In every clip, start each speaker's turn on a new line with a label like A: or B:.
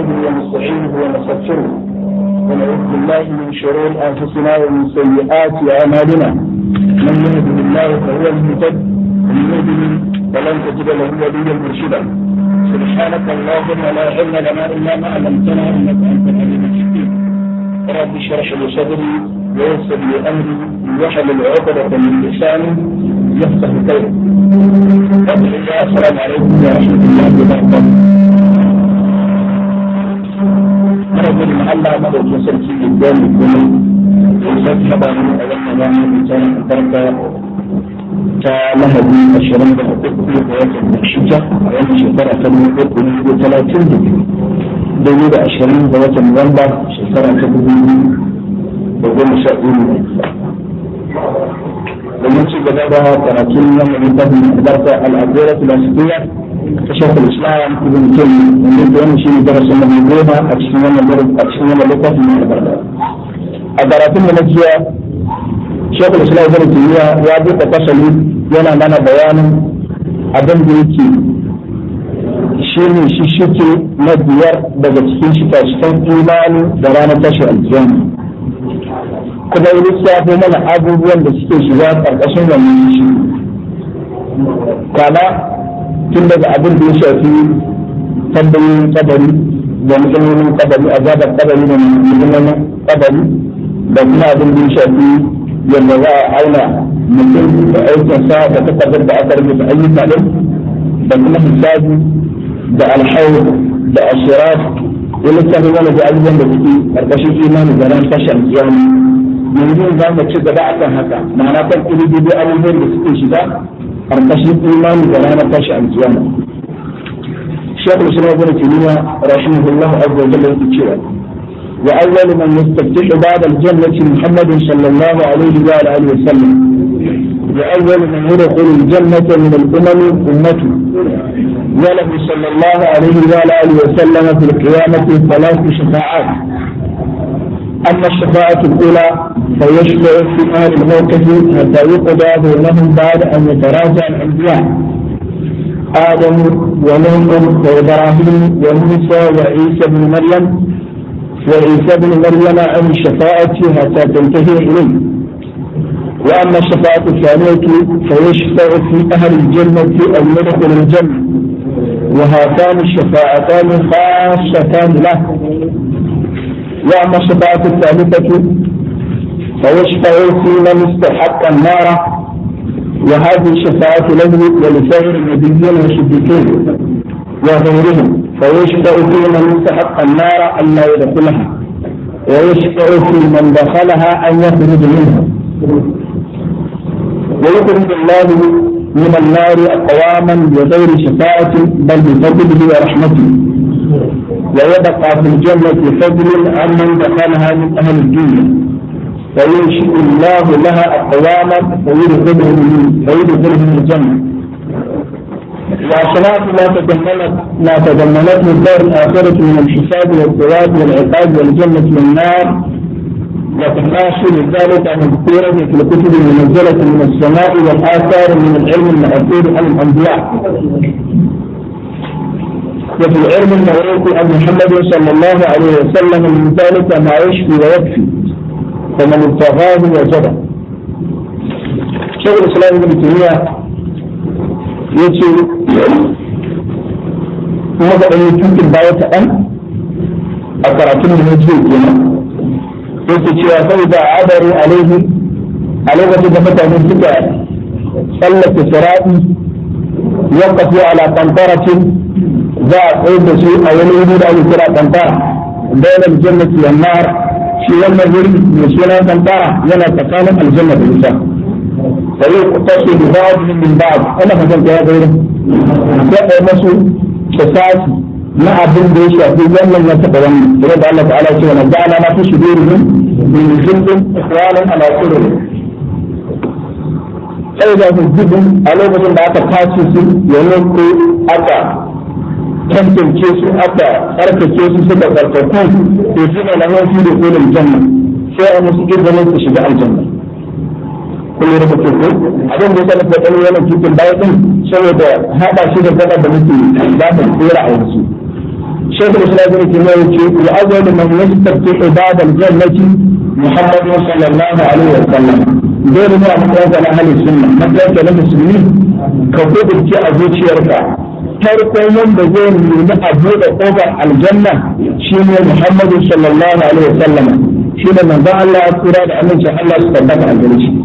A: نحمده ونستعينه ونستغفره ونعوذ بالله من شرور انفسنا ومن سيئات اعمالنا من يهده الله فهو المهتد ومن يهده فلن تجد له وليا مرشدا سبحانك اللهم لا علم لنا الا ما علمتنا انك انت العليم الحكيم رب اشرح لي صدري ويسر لي امري ويحل عقدة من لساني يفقه
B: قولي السلام عليكم ورحمه الله وبركاته
A: mara gudu ma Allah ma da sarki da gani kuma ko sarki ba mu da wannan ranar da ta barka ta lahadi ashirin da uku da watan shida a wannan shekara ta dubu da talatin da biyu dubu da ashirin da watan nuwamba shekara ta dubu da goma sha biyu domin ci gaba da karatun wannan littafin albarka al'adura filasitiya ta shekul shine darasin na goma a cikin wannan na da na jiya shekul islam ibn tayyiya ya buɗe fasali yana mana bayanin abin da yake shi ne na biyar daga cikin shika-shikan imani da ranar tashi aljanna kuma yi lissafo mana abubuwan da suke shiga ƙarƙashin wannan shi kama tun daga abin da ya shafi tambayoyin kabari da mutumomin kabari azabar kabari da mutumomin kabari da kuma abin da ya shafi yadda za a auna mutum da aikinsa da takardar da aka rubuta ayyuka din da kuma hisabi da alhawar da ashirar ya lissafi wani da abubuwan da suke karkashin imanin garan tashar kiyama yanzu za mu ci gaba akan haka ma'ana kan kudi abubuwan da suke shiga ƙarƙashin imani da ranar tashi alkiyama shekul islam ibn taymiya rahimahullahu azza wa jalla yake cewa wa awwalu man yastaftihu ba'da al-jannati muhammadin sallallahu alaihi wa alihi wa sallam wa awwalu man yadkhulu al-jannata min al-umam ummatu wa lahu sallallahu alaihi wa alihi wa sallam fi al-qiyamati thalathu shafa'at أما الشفاعة الأولى فيشفع في أهل الموقف حتى يقضى بينهم بعد أن يتراجع الأنبياء آدم ونوح وإبراهيم وموسى وعيسى بن مريم وعيسى بن مريم عن الشفاعة حتى تنتهي إليه وأما الشفاعة الثانية فيشفع في أهل الجنة أو يدخل الجنة وهاتان الشفاعتان خاصتان له وأما الشفاعة الثالثة فيشفع في من استحق النار وهذه الشفاعة له ولسائر النبيين والصديقين وغيرهم فيشفع في من استحق النار أن لا يدخلها ويشفع في من دخلها أن يخرج منها ويخرج الله من النار أقواما بغير شفاعة بل بفضله ورحمته ويبقى في الجنة فضل عن من دخلها من أهل الدنيا فينشئ الله لها أقواما فيدخلهم فيدخلهم الجنة
B: وأشراط ما
A: تضمنت ما تضمنته الدار الآخرة من الحساب والثواب والعقاب والجنة والنار وتحاصل ذلك مذكورا في الكتب المنزلة من السماء والآثار من العلم المأثور عن الأنبياء وفي العلم المعروف عن محمد صلى الله عليه وسلم من ذلك ما يشفي ويكفي فمن ابتغاه وجبه شغل الاسلام ابن تيميه يجي ماذا ان يمكن باية ان اقرأتم من يجي هنا يجي فاذا عبروا عليه على وجه فتح من سكه صلت سرائي وقفوا على قنطرة za a tsayar da su a wani wuri da ake kira kantara daular jannati wannan shi wannan wuri mai suna kantara yana tsakanin aljanna da wuta sai ku tashi da ba'd min ba'd ana fatan ta gaira sai ai masu kisasi na abin da ya shafi wannan ya taɓa wannan da Allah ta'ala ce wa ja'ala ma fi shudurihim min jundin ikhwanan ala kulli sai da su gudun a lokacin da aka tashi su ya ko aka tantance su aka tsarkake su suka tsarkaku to suna na hafi da kolin janna sai a musu izinin su shiga aljanna kullum da kake ko abin da kana fadar wannan cikin bayan saboda hada shi da kada da muke da ta tsira a yanzu شيخ الاسلام ابن تيميه يقول اول من يستفتح باب الجنه Muhammadu sallallahu alaihi wa sallam. dole ne a matsayin na halin sunna matsayin na musulmi ka gudunce a zuciyarka farkon wanda zai nemi a buɗe ƙofar aljanna shine Muhammadu sallallahu alaihi wasallam shine manzon Allah ya kura da amincin Allah su tabbata a gare shi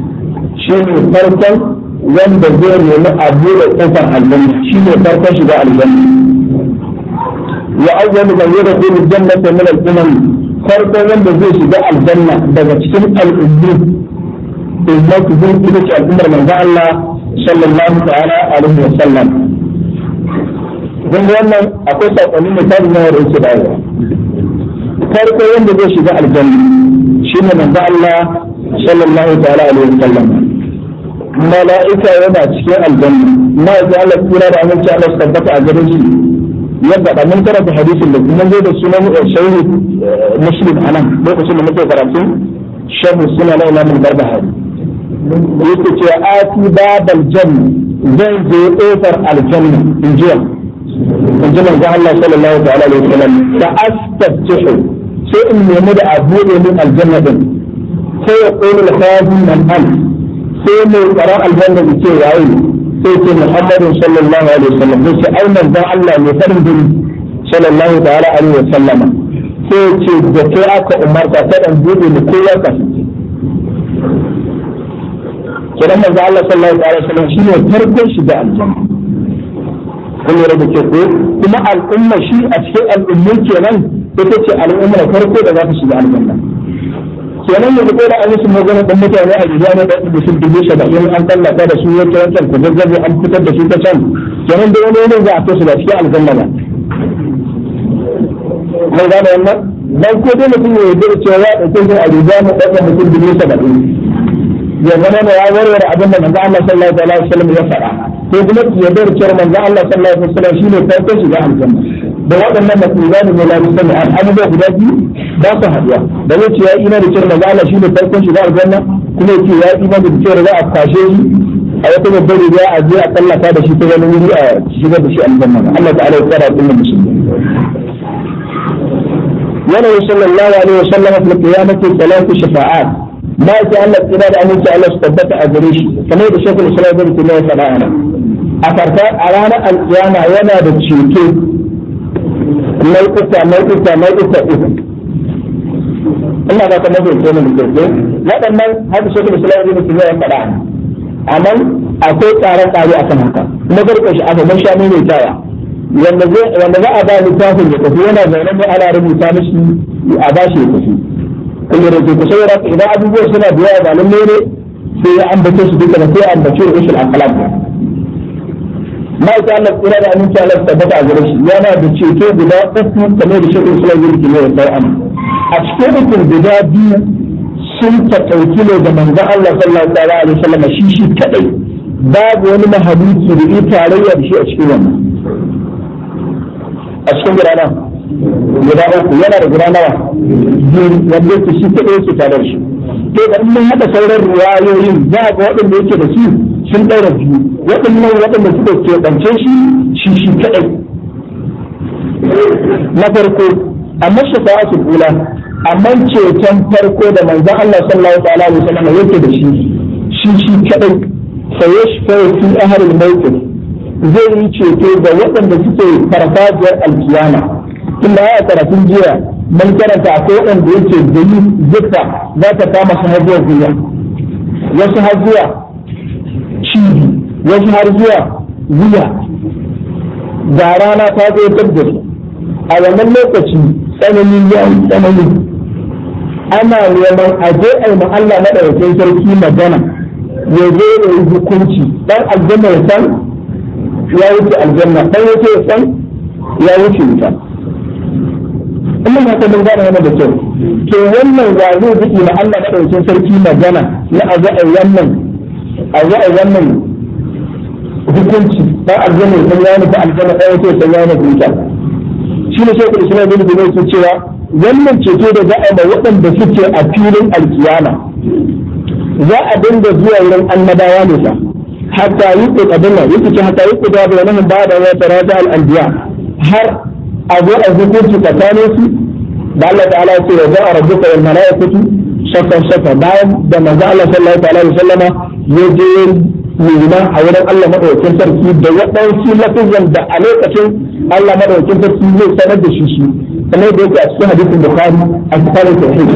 A: shine farkon wanda zai nemi a buɗe ƙofar aljanna shine farkon shiga aljanna wa awwalu man yadkhulu aljannata min al-umam farkon wanda zai shiga aljanna daga cikin al'ummi ummatu zai ita ce al'ummar manzon Allah sallallahu ta'ala alaihi wasallam don wannan akwai sakonin da na yawa da yake bayarwa farko wanda zai shiga aljanna shine manzo Allah sallallahu ta'ala alaihi wasallam mala'ika yana cikin aljanna ma ya Allah kira da aminci Allah su tabbata a garin shi yadda da mun karanta hadisin da kuma zai da sunan eh, shauri eh, muslim anan lokacin da muke karatu shahu suna na imam al-barbahari yake cewa ati babal janna zan je kofar aljanna in jiya in ji manzo Allah sallallahu ta'ala alaihi wasallam da astaftihu sai in nemi da abu ne min aljanna din sai ya qulu da khazin nan an sai mai tsaron aljanna da ce yayi sai ce Muhammadin sallallahu alaihi wasallam sai ce ai manzo Allah ne farin din sallallahu ta'ala alaihi wasallam sai ce da kai aka umarta ta dan bude ne kowa ka kiran manzo Allah sallallahu alaihi wasallam shine farkon shiga aljanna kun lura da ko kuma al'umma shi a cikin al'ummai kenan ita ce al'umma al'ummar farko da za ta shiga aljanna kenan yanzu ko da an yi alisu magana ɗan mutane a jiya ne da su dubu saba'in an tallata da su wata wancan ku zazzabi an fitar da su ta can kenan da wani wani za a tosu da cikin aljanna ba Mai gane wannan dan ko dai mutum ya yarda da cewa ya dauke shi a jiya ne da mutum dubu saba'in ya zama ne ya warware abin da manzo Allah sallallahu alaihi wasallam ya faɗa ko kuma ki yarda da cewa manzo Allah sallallahu alaihi wasallam shine farkon shiga aljanna da waɗannan matsalolin ne la musulmi an abubuwa guda biyu ba su haɗuwa da zai ce ya ina da cewa manzo Allah shine farkon shiga aljanna kuma ya ce ya ina da cewa za a kashe shi a wata babbar riga a je a tallata da shi ta wani wuri a shigar da shi aljanna Allah ta'ala ya tsara kullum musulmi yana sallallahu alaihi wasallam fil qiyamati salatu shafa'at ba ki Allah tsira da aminci Allah su tabbata a gare shi kamar da shekul islam bin kuma ya faɗa
B: ana
A: a farka a ranar alƙiyama yana da ceto nau'uka nau'uka nau'uka uku Allah ba ka mafi ce ne mutum waɗannan haka shekul islam bin kuma ya faɗa ana amma akwai tsare-tsare a kan haka na shi a gaban sha mai tawa wanda za a ba littafin ya tafi yana zaune ne ala rubuta mishi a shi ya tafi kun yi rage ku saboda ka idan abubuwa suna da yawa ba nan ne sai ya ambace su duka da sai ambace usul akalam ma ita Allah kira da aminci Allah tabbata a gare shi yana da ceto guda uku kamar da shekaru suna yin kimiyya da an a cikin rukun guda biyu sun taƙauki ne da manzon Allah sallallahu alaihi wasallam shi shi kadai babu wani mahaluki da ita tarayya da shi a cikin wannan a cikin gudanar guda uku yana da guda nawa biyu wanda yake shi kaɗai yake tare da shi to da in haɗa sauran ruwayoyin za a ga waɗanda yake da su sun ɗaura biyu waɗannan waɗanda suka keɓance shi shi shi kaɗai na farko amma shafa'atul ula amma ceton farko da manzon Allah sallallahu alaihi wasallam yake da shi shi shi kaɗai fa yashfa'u fi ahli al-mawqif zai yi ceto ga waɗanda suke farfajiyar alkiyama tunda ya karatun jiya mun karanta akwai wanda yake gani zikka za ta kama su har zuwa gwiwa wasu har zuwa cibi wasu har zuwa wuya ga rana ta zo gudu a wannan lokaci tsananin ya yi tsanani ana neman a je a yi Allah na ɗaukin sarki magana ya zo da yi hukunci ɗan aljanna ya san ya wuce aljanna ɗan wuce ya san ya wuce wuta kuma ba ta gane wannan da kyau to wannan wa zai zuki na Allah madaukakin sarki magana na a za wannan a za a wannan hukunci ba aljanna san ya nufi aljanna ɗaya yake san ya nufi wuta shi ne shekul islam bin bin yake cewa wannan ceto da za a yi waɗanda suke a filin alkiyama za a dinga zuwa wurin annabawa ne fa hatta yi ƙoƙarin nan yake ce hatta yi ƙoƙarin nan ba da wata rata al'anbiya har أبو أذكرت كثانيتي بعل تعالى يقول وجاء ربك والملائكة شكا شكا بعد دم زعل صلى الله عليه وسلم يجي يجمع حول الله مرة وكين في دواء نوشي لكذن دعليك شيء الله مرة وكين تركي يجي سند الشيشي فما يقول في أسفل حديث البخاري أسفل التوحيد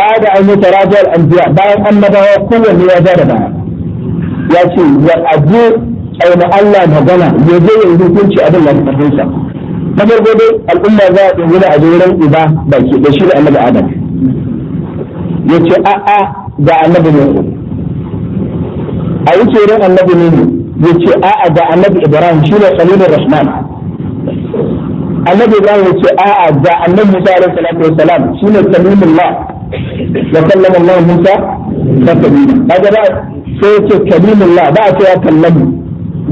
A: بعد أن يتراجع الأنبياء بعد أن نبغى قوة نواجه ربعا يأتي يأجي ai ma Allah magana ya je ya hukunci abin da ta na farko dai al'umma za a dingina a wurin uba baki da shi da annabi Adam ya ce a a annabi ne a yi wurin annabi ne ya ce a a annabi Ibrahim shi ne Khalilur Rahman annabi Ibrahim ya ce a annabi Musa alaihi salatu shi ne Musa ba sai ba a ce kallan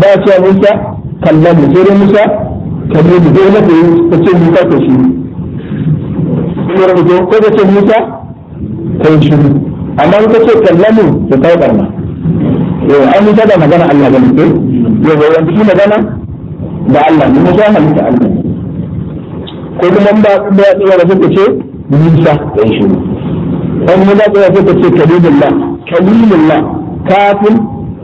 A: ba a cewa Musa kallon mu sai dai Musa mu na koyi ka ce Musa ka shi kuma ko ce Musa ka yi shi amma ce kallon mu barna yau eh, an magana Allah ga mutum eh? yau shi magana da Allah ne Musa halitta Allah ko kuma ba ba ya ce Musa yi shi ce kafin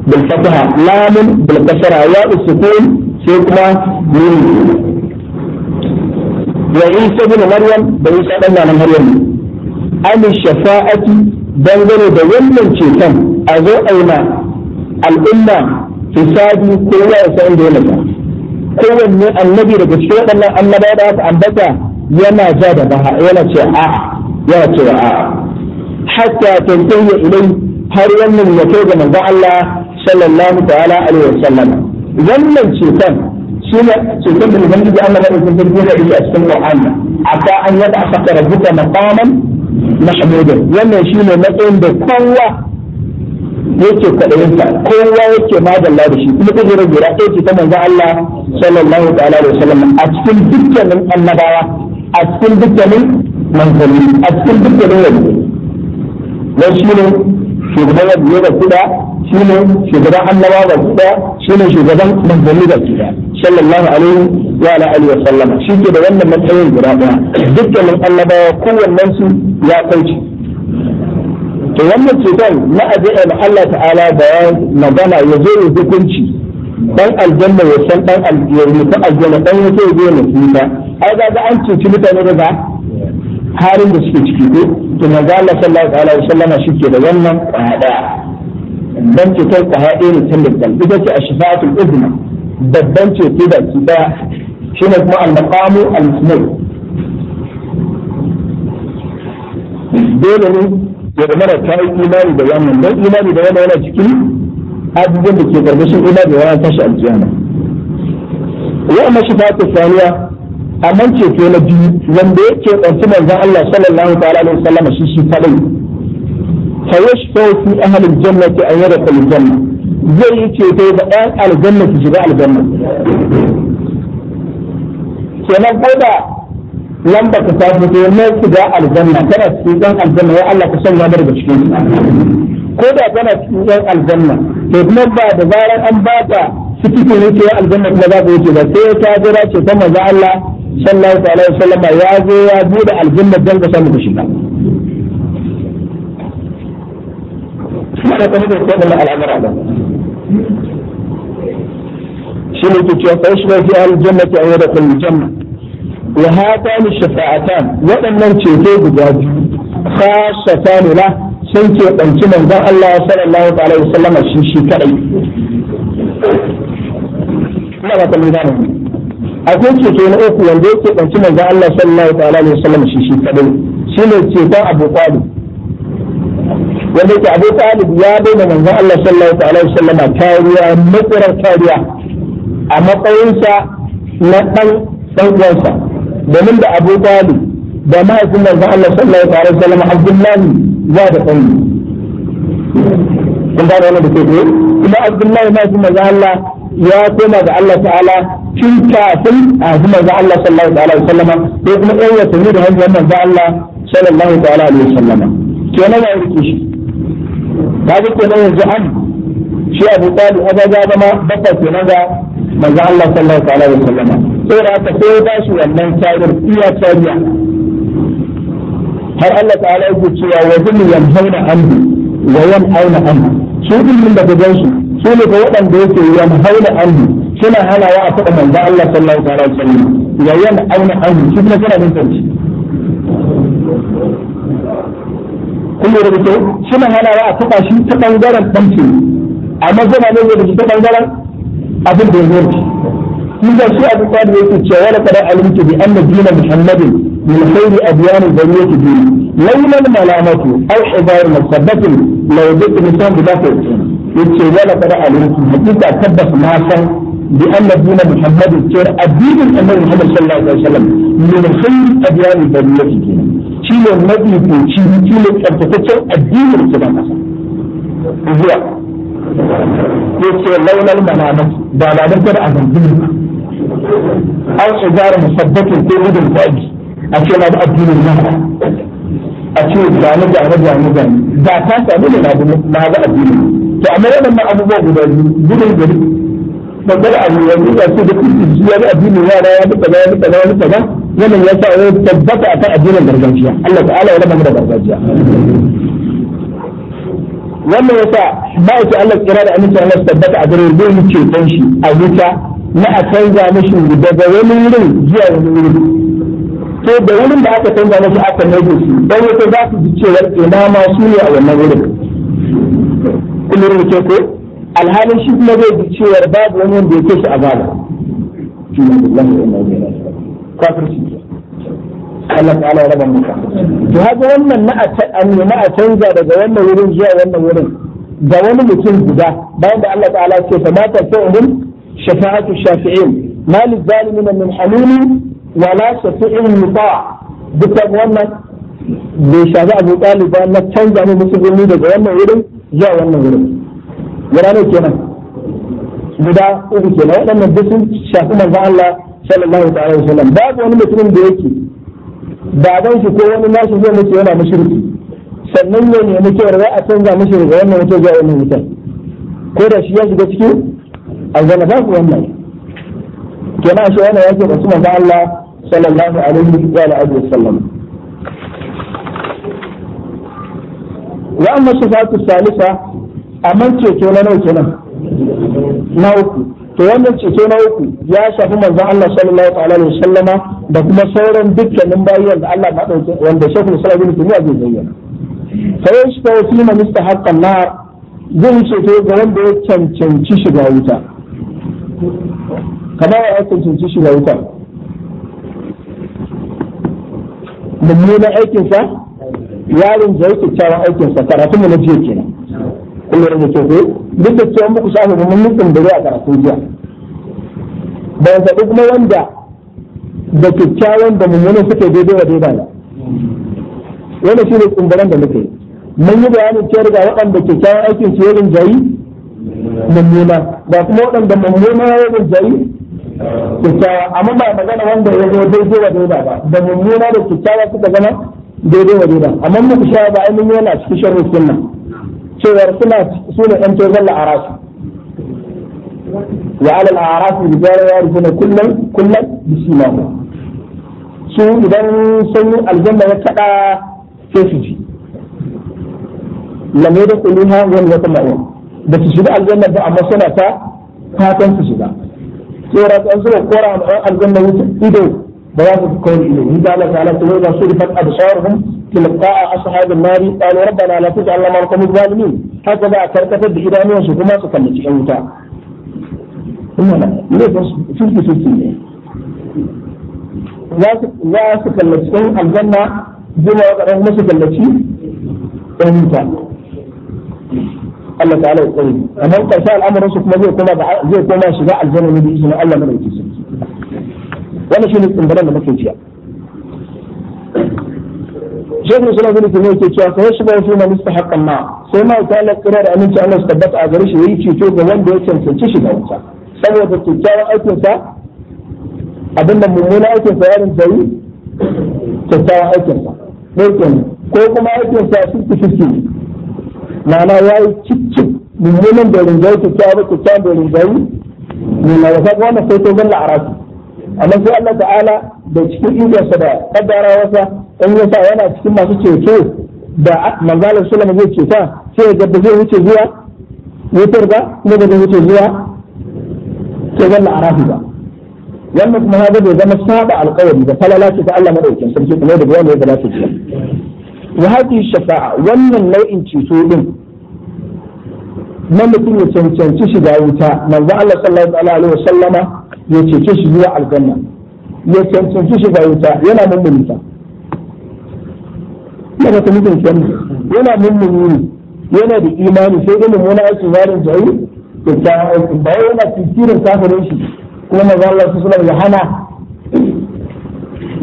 A: بالفتحة لام بالكسرة ياء السكون سكنة من وعيسى بن مريم بعيسى بن مريم عن الشفاعة دنجل دولن شيطان أزو أيما الأمة فسادي كل أسان دولك كل النبي رجل شيطان الله أما بابات أم بكى يما زاد بها ولا شيء آه يا شيء آه حتى تنتهي إليه هل يمن يتوجه من الله sallallahu ta'ala alaihi wasallam wannan ceton shi ne cikin da yi Allah ya rubuta da shi a cikin Qur'ani aka an yada aka rabbuka maqaman mahmudan wannan shi ne matsayin da kowa yake kwaɗayinsa kowa yake madalla da shi kuma kujera guda ɗaya ce ta manzo Allah sallallahu ta'ala alaihi a cikin dukkanin annabawa a cikin dukkanin manzanni a cikin dukkanin wani ne shugaban yadda baki da shi ne shugaban annaba baki da shi ne shugaban manzanni baki da sallallahu alaihi wa ala alihi wa sallama shi ke da wannan matsayin guda daya dukkanin annabawa kowannen su ya kauce to wannan cutar na ajiya da Allah ta'ala bayan magana ya zo ya hukunci dan aljanna ya san dan aljanna ya aljanna dan ya zo ya nufita ai ga an cuci mutane da halin da suke ciki ko to manzo Allah sallallahu alaihi wasallam shi ke da wannan kwada dan ce kai ka haɗe ne tun da ita ce ashfa'atul uzma babban ce ko da ki da shine kuma al-maqamu al-musnad dole ne ya zama da ta yi imani da wannan dan imani da wannan yana cikin abubuwan da ke karkashin imani da wannan tashi alkiyama wa amma shifa'atul thaniya amma ceto na biyu wanda ya yake ɗauki manzon Allah sallallahu ta'ala alaihi wasallam shi shi kadai fa yashfa'u fi ahli al-jannati an yadkhulu al-janna zai yi ceto da ɗan aljanna su shiga aljanna kenan ko da lamba ka ta fito na shiga aljanna kana cikin ɗan aljanna ya Allah ka sanya daga cikin ko da kana cikin ɗan aljanna to kuma ba da zarar an ba ta ciki ne ce aljanna kuma za ka wuce ba sai ta jira ce ta maza Allah sallallahu alaihi wasallam ya zo ya bude aljanna dan ka samu shiga sai kuma da wannan al'amura da shi ne ke cewa fa shi ba fi aljannati aw yadkhul aljanna wa hatan shafa'atan waɗannan ceto guda biyu khasatan la sun ke ɗauki manzon Allah sallallahu alaihi shi shi kadai ta akwai ceto na uku wanda yake ɗanci manzo Allah sallallahu alaihi wasallam shi shi kadai shine ceton Abu Talib wanda yake Abu Talib ya daina da manzo Allah sallallahu alaihi wasallam kariya matsarar kariya a matsayinsa na dan dan uwansa domin da Abu Talib da mahaifin manzo Allah sallallahu alaihi wasallam Abdullahi ya da ɗan kun ba da wannan da ke kuma Abdullahi mahaifin manzo Allah ya koma ga Allah ta'ala tun kafin a kuma ga Allah sallallahu ta'ala wa sallama ko kuma ɗan tafi da hajjiyar nan ga Allah sallallahu ta'ala wa sallama kenan ya rike shi kaga kenan yanzu an shi Abu Talib aga zama baka kenan ga manzo Allah sallallahu ta'ala wa sallama sai da haka sai ba shi wannan tsarin iya tsariya har Allah ta'ala yake cewa wa zun yamhauna anhu wa yamhauna anhu su din da gaban gansu. su ne ga waɗanda yake yan hauna anhu suna hanawa a faɗa manzo Allah sallallahu alaihi wasallam ya yan auna anhu shi kuma kana jin Kuma kun lura da kyau suna hanawa a faɗa shi ta ɓangaren ɗanci amma zama ne da shi ta ɓangaren abin da ya zo shi da shi abu kwadu yake cewa da kada alimtu bi anna dina muhammadin min khairi adyan al-bariyah dini laula malamatu aw ibar musabbatan law bi insan bi yace wala qad alimtu hakika tabbas na san bi annabiyina muhammadin cewa addinin annabi muhammad sallallahu alaihi wasallam min khayr adyan bariyati kenan shine mafi koci shine tsaftataccen addinin su da kasa zuwa yace laulal malamat da ba na kada azabin ba aw shigar musabbatin ko gudun kwaji a ce na da addinin nan a ce zane zane zane zane da ta samu da na ga addini to amma waɗannan abubuwa guda biyu gudun gari babbar abu yanzu ya ce da kristi ya ga addinin yara ya duka ya duka ya duka ba wannan ya sa ya tabbata akan addinin gargajiya Allah ta'ala ya raba mu da gargajiya wannan yasa ba ya ce Allah kira da aminci Allah tabbata a garin gurin ceton shi a wuta na a canza mashi daga wani wurin zuwa wani wurin sai da wurin da aka canza masu aka mai shi dan za su ji cewa ina ma su ne a wannan wurin kullum ke ko alhalin shi kuma zai ji cewa babu wani wanda ya ce shi Allah ta'ala ya muka to a canza daga wannan wurin zuwa wannan wurin ga wani mutum guda bayan da Allah ta'ala ce fa mata shafa'atu shafi'in malik zalimin min halulin wala shafi'in yuta dukan wannan bai shafi abu talib ba na canza mu musulmi daga wannan wurin zuwa wannan wurin Gara ne kenan guda uku kenan waɗannan duk sun shafi manzon Allah sallallahu ta'ala wa sallam babu wani mutumin da yake baban shi ko wani nashi zai mutu yana mushriki sannan ne nemi cewa za a canza mishi daga wannan wuta zuwa wannan wuta ko da shi ya shiga cikin za ku wannan kenan shi wannan yake da su manzon Allah صلى الله عليه وعلى وسلم na uku to wannan ceto na uku ya shafi manzon Allah sallallahu alaihi wasallama da kuma sauran dukkanin bayan da Allah madauke wanda shekul sallallahu alaihi wasallam zai bayyana fa yashfa fi man istahaqqa an-nar zai ceto ga wanda ya cancanci shiga wuta kamar ya cancanci shiga wuta mummunan aikinsa ya rinjaye kyakkyawan aikinsa karatun mu na jiya kenan kullum da ke ko duk da cewa muku mu mun mun da a karatu jiya Ba ban zaɓi kuma wanda da kyakkyawan da mummunan suke daidai wa daidai ba wanda shi ne tsundaren da muke mun yi bayanin cewa ga waɗanda kyakkyawan aikin su ya rinjaye mummuna ba kuma waɗanda mummuna ya jayi kyakkyawa amma ba magana wanda ya zo daidai wa daida ba da mummuna da kyakkyawa suka zama daidai wa daida amma muku sha ba ainihin yana cikin sharri sunna cewar suna su ne ɗan tozon la'arasu wa alal a'arasu rijal ya rubuna kullum kullum bisimahu su idan sanyin aljanna ya kaɗa sai su ji lamai da kulli ha wani wata ma'u da su shiga aljanna ba amma suna ta fatan su shiga saboda ka suka kora a ɗan aljanna wuce ido ba za su kawai ido in ta Allah ta'ala ta wai su rifat absaruhum tilqa'a ashabin nari qalu rabbana la tuj'alna ma'al qawmi zalimin haka za a karkatar da idanuwansu kuma su kalli cikin wuta kuma na laifin fifty fifty ne za su kalli cikin aljanna zuwa ga ɗan kuma su kallaci yan wuta Allah ta'ala ya tsare amma karshe al'amuran su kuma zai koma zai koma shiga aljanna ne da izinin Allah madaukakin sarki wannan shine tsimbaran da muke jiya شيخ الاسلام ابن تيميه يقول cewa fa yashba fi man haƙƙan ma sai ma ta la da aminci Allah su tabbata a gare shi yayi ceto ga wanda ya cancanci shiga wuta saboda kyakkyawan aikin sa abin da mummuna aikin sa yarin jayi kyakkyawan aikin sa ko kuma aikin sa 50 Mana ya yi cikin mummunan da rinjayi kyakkyawa ta kyakkyawa da rinjayi ne na wasa na sai to zalla a rasu amma sai Allah ta'ala da cikin ikonsa da kaddara wasa in ya sa yana cikin masu ceto da manzalar sulama zai ceta sai ga da zai wuce zuwa wutar ba kuma da zai wuce zuwa sai zalla a ba wannan kuma haka da zama saba alƙawari da falala ce ta Allah madaukakin sarki kuma da biyan da za su wa hadhihi shafa'a wannan nau'in ceto din na mutum ya cancanci shiga wuta manzo Allah sallallahu alaihi wa sallama ya cece shi zuwa aljanna ya cancanci shiga wuta yana mummuni ta yana ta mutum kyan yana mummuni ne yana da imani sai ilimin wani aikin yaron jayi da ta aikin ba yana tisirin kafirin shi kuma manzo Allah sallallahu alaihi wa sallama ya hana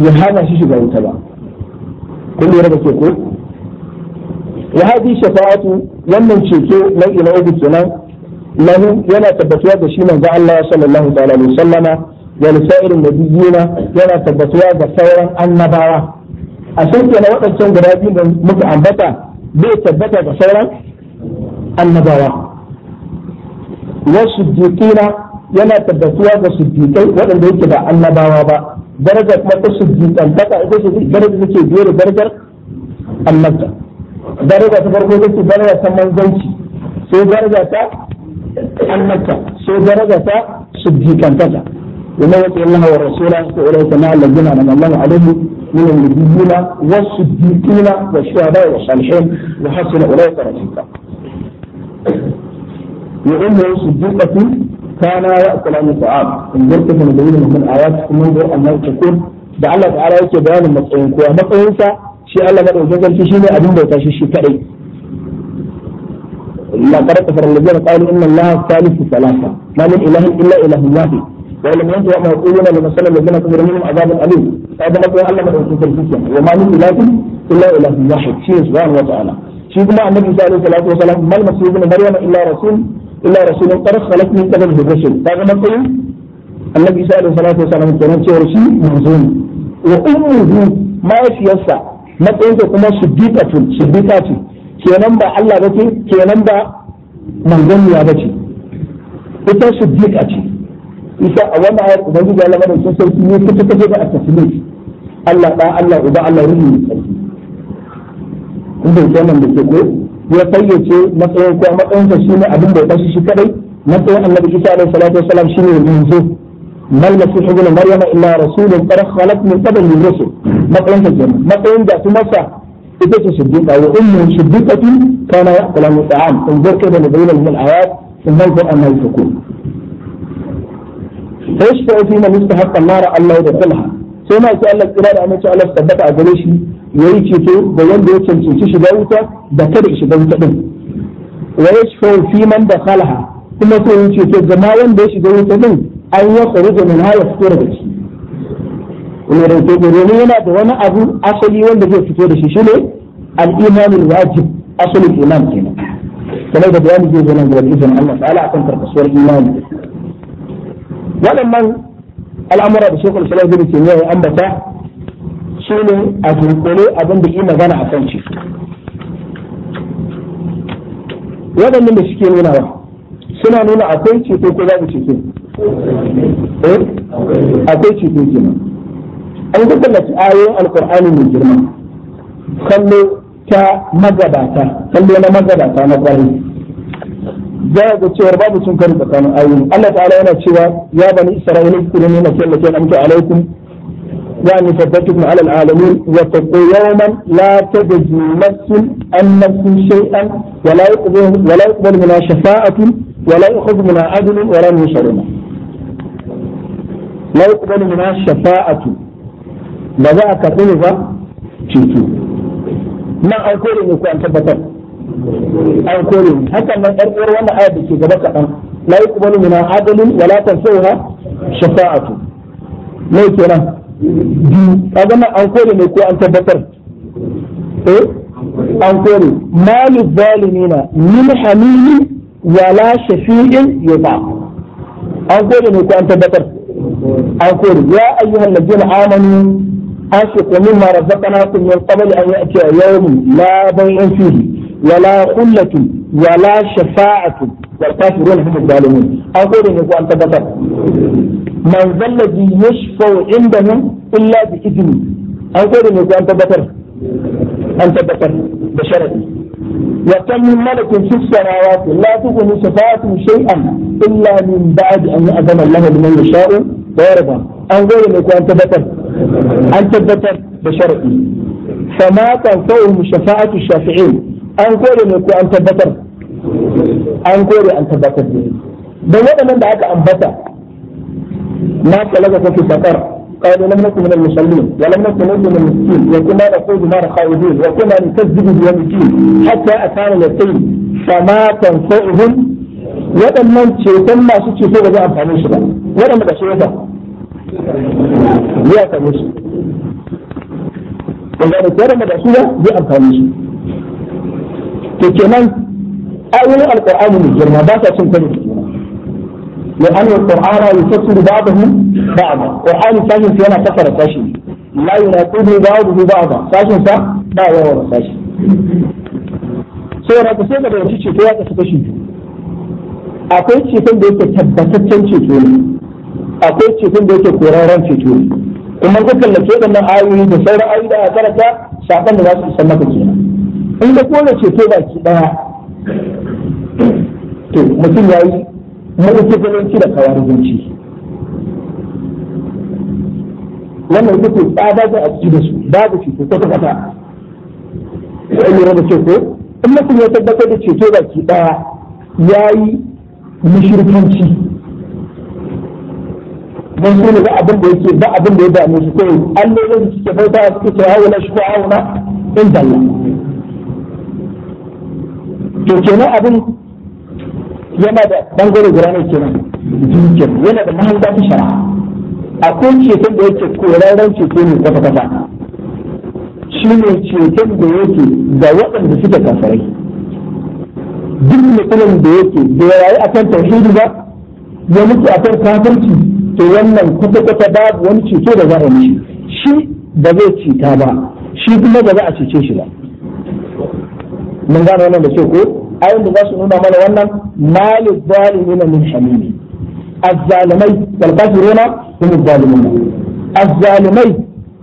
A: ya hana shi shiga wuta ba kun lura da ke ko wa hadi shafa'atu wannan ceto na ina uku kenan lahu yana tabbatuwa da shi manzo Allah sallallahu ta'ala alaihi wasallama da lisairin nabiyina yana tabbatuwa da sauran annabawa a san kenan waɗancan guda biyu da muka ambata bai tabbata da sauran annabawa Wasu siddiqina yana tabbatuwa ga siddiqai waɗanda yake ba annabawa ba darajar kuma ta su dutantaka ita ce darajar da ke biyo da darajar annabta daraja ta farko ita ce daraja ta manzanci sai daraja ta annabta sai daraja ta su dutantaka ومن يطع الله ورسوله فاولئك مع الذين انعم الله عليهم من النبيين والصديقين والشهداء والصالحين وحسن اولئك رفيقا. وامه صديقه كان يأكل عن الطعام انظر كيف نبين من آياتكم انظر أنه تكون da Allah ta'ala yake bayanin matsayin kowa matsayinsa shi Allah madaukakin sarki shine abin bauta shi shi kadai la qad kafara alladhina qalu inna allaha thalithu thalatha ma min ilahin illa ilahu wahid wa lam yantahu ma yaquluna lima sala alladhina kafaru minhum adhabun alim kaga matsayin Allah madaukakin sarki kenan wa ma min ilahin illa ilahu wahid shi subhanahu wa ta'ala shi kuma annabi sallallahu alaihi wasallam mal masih ibn maryam illa rasul illa rasulun qad khalat min qabl rusul kaga matsayin annabi sallallahu alaihi wasallam kenan cewar shi manzo ne wa ummuhu mahaifiyarsa matsayin da kuma siddiqatun siddiqa ce kenan ba Allah bace kenan ba manzoniya bace ita siddiqa ce ita a wannan ayar ubangiji Allah madaukakin sarki ne kuta kace da at-taslim Allah da Allah uba Allah ruhi ne sarki kun bai kenan da ke ko ya fayyace matsayin ko matsayin sa shine abin da ya bashi shi kadai matsayin annabi Isa alaihi salatu wasalam shine manzo mal masih ibn maryam illa rasulun qad khalat min qabli rusul matsayin sa kenan matsayin da kuma sa ita ce siddiqa wa ummu siddiqatu kana ya'kulu min ta'am انظر كيف نبين من الآيات ثم انظر أنها تكون فيشفع فيما يستحق النار الله يدخلها sai ma ce Allah kira da amince Allah tabbata a gare shi ya yi ceto da wanda ya cancanci shiga wuta da kada ya shiga wuta din wa ya shafa fi man da khalaha kuma sai ya ceto ga ma wanda ya shiga wuta din an ya kharuja min haya fito daga ciki kuma da ke domin yana da wani abu asali wanda zai fito da shi shine al-imanul wajib asalin iman kenan kamar da bayani zai zo nan gaba izinin Allah ta'ala akan karkasuwar imani waɗannan al'amura da shekul salam zai ce ya ambata shi ne a dunkule abin da yi magana a kan shi waɗannan da suke nuna wa suna nuna akwai ceto ko za ce ceto eh akwai ceto kenan an ga tallace ayoyin alkur'ani mai girma kallo ta magabata kallo na magabata na kwari za ga cewar babu cin karin tsakanin ayoyi Allah ta'ala yana cewa ya bani isra'ila kunu ne na kallake amta alaikum وأن يثبتكم على العالمين وتقوا يوما لا تجزي نفس عن نفس شيئا ولا يقبل ولا يقبل منها شفاعة ولا يأخذ منها عدل ولا من شرنا. لا يقبل منها شفاعة. ماذا تقول ذا؟ تشوفوا. ما أقول لك أن تبتل. أقول حتى ما أقول وأنا أبكي كبكة لا يقبل منها عدل ولا تنسوها شفاعة. ليس له. biyu an kore ne ko an tabbatar eh an kore malu zalimina min hamimi wala shafi'in yuta an kore ne ko an tabbatar an kore ya ayyuhal ladina amanu مما رزقناكم من قبل أن يأتي يوم لا بيع فيه ولا خلة ولا شفاعة والكافرون هم الظالمون أقول إنكم an tabbatar. man zallabi yashfa'u indahum illa bi idni an ko da ne an tabbatar an tabbatar da sharadi wa kam min malakin fis samawati la tughni shafa'atu shay'an illa min ba'di an ya'zana Allah liman yasha'u wa yarda an ko da ne an tabbatar an tabbatar da sharadi fama tanfa'uhum shafa'atu shafi'in an ko da ne an tabbatar an kore an tabbatar da waɗannan da aka ambata ما سلككم في سقر قالوا لم نكن من المصلين ولم نكن نؤمن المسكين وكنا نقول ما خائبين وكنا نكذب بيوم الدين حتى اتانا اليقين فما تنفعهم waɗannan ceton masu ceto ba zai amfani shi ba waɗanda ba su yadda zai amfani su waɗanda ba su ba zai amfani su to kenan ayoyin alƙur'ani mai girma ba sa cin karo لأن القرآن يفسر بعضه بعضا القرآن ساشن سينا كفر ساشن لا يناقض بعضه بعضا ساشن سا لا يورا ساشن sai raka sai daga yanzu ceto ya kasu kashi biyu akwai ceton da yake tabbataccen ceto ne akwai ceton da yake koraren ceto ne kuma ka kallace waɗannan ayoyi da sauran ayoyi da aka karanta sakon da za isa maka kenan in ka kone ceto baki ɗaya to mutum ya yi mulkizalanci da kawarijinci wannan ita ce tsada a ciki da su babu kwata kwata sai da ko in mutum ya tabbatar da ceto daya ya yi don su ba abin da yake ba abin da ya dame da bauta a suke cewa wala shi na in dalla to abin yana da bangare guda ne kenan jinkir yana da mahanga shara a akwai ceton da yake koraren ceto ne kafa kafa shi ne ceton da yake da waɗanda suke kafirai duk mutumin da yake da ya rayu akan tauhidi ba ya mutu akan kafirci to wannan kuka kuka babu wani ceto da za a mishi shi ba zai cita ba shi kuma ba za a cece shi ba mun gane wannan da ce ko ayin da za su nuna mana wannan malil zalimin min hamimi azzalimai wal kafiruna hum zalimun azzalimai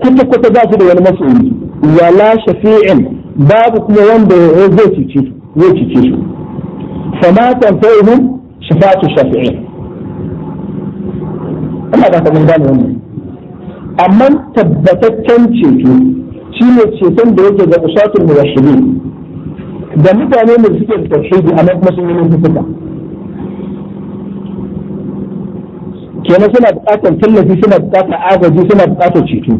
A: kuta kuta za su da wani masoyi wala shafi'in babu kuma wanda zai cice zai cice su fama tanfa'uhum shafatu shafi'in ina ba ta gane wannan amma tabbataccen ceto ne ceton da yake ga usatul muwahhidin da mutane ne suke da tauhidi amma kuma sun yi laifuka kenan suna buƙatar tallafi suna bukatar agaji suna buƙatar ceto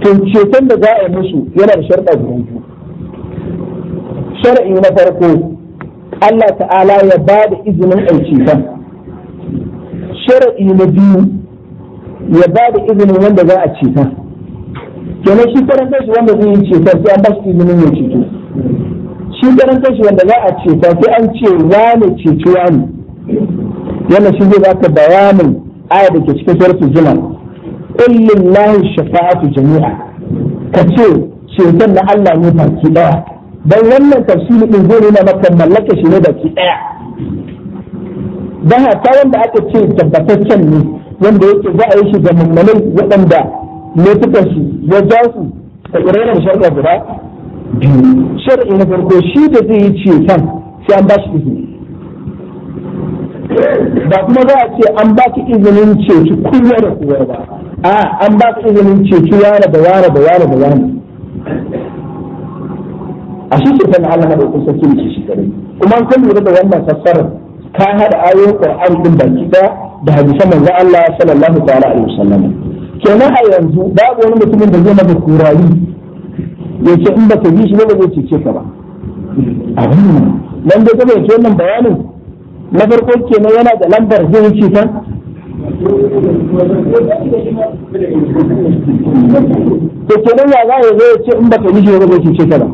A: to ceton da za a yi musu yana da sharɗa guda biyu shar'i na farko Allah ta'ala ya ba da izinin a ceton shar'i na biyu ya ba da izinin wanda za a ceta kenan shi karan shi wanda zai yi ceton sai an ba shi izinin ya shi ganin kanshi wanda za a ce ba sai an ce wane ceci Yana yana shi zai baka bayanin aya da ke cikin suratul zumar qul lillahi shafa'atu jami'a ka ce ceton na Allah ne baki daya dan wannan tafsiri din zai nuna maka mallaka shi ne baki ɗaya. dan haka wanda aka ce tabbataccen ne wanda yake za a yi shi ga mummunai waɗanda laifukan shi ya jasu ta ƙirƙirar shari'a guda biyu shar'i na farko shi da zai yi ceton sai an ba shi izini ba kuma za a ce an ba ki izinin ceto kuma da kowa ba a an ba ki izinin ceto yana da yana da yana da yana a shi ce tana Allah da kusa kin ce shi kare kuma an kan lura da wannan fassarar ka hada ayoyin Qur'an din baki da da hadisan manzo Allah sallallahu ta'ala alaihi wasallam kenan a yanzu babu wani mutumin da zai maka kurayi ya ce in baka yi shi ba zai cece ka ba nan dai gaba yake wannan bayanin na farko kenan yana da lambar zai wuce ta to nan ya za ya zai ce in baka yi shi ba zai cece ka ba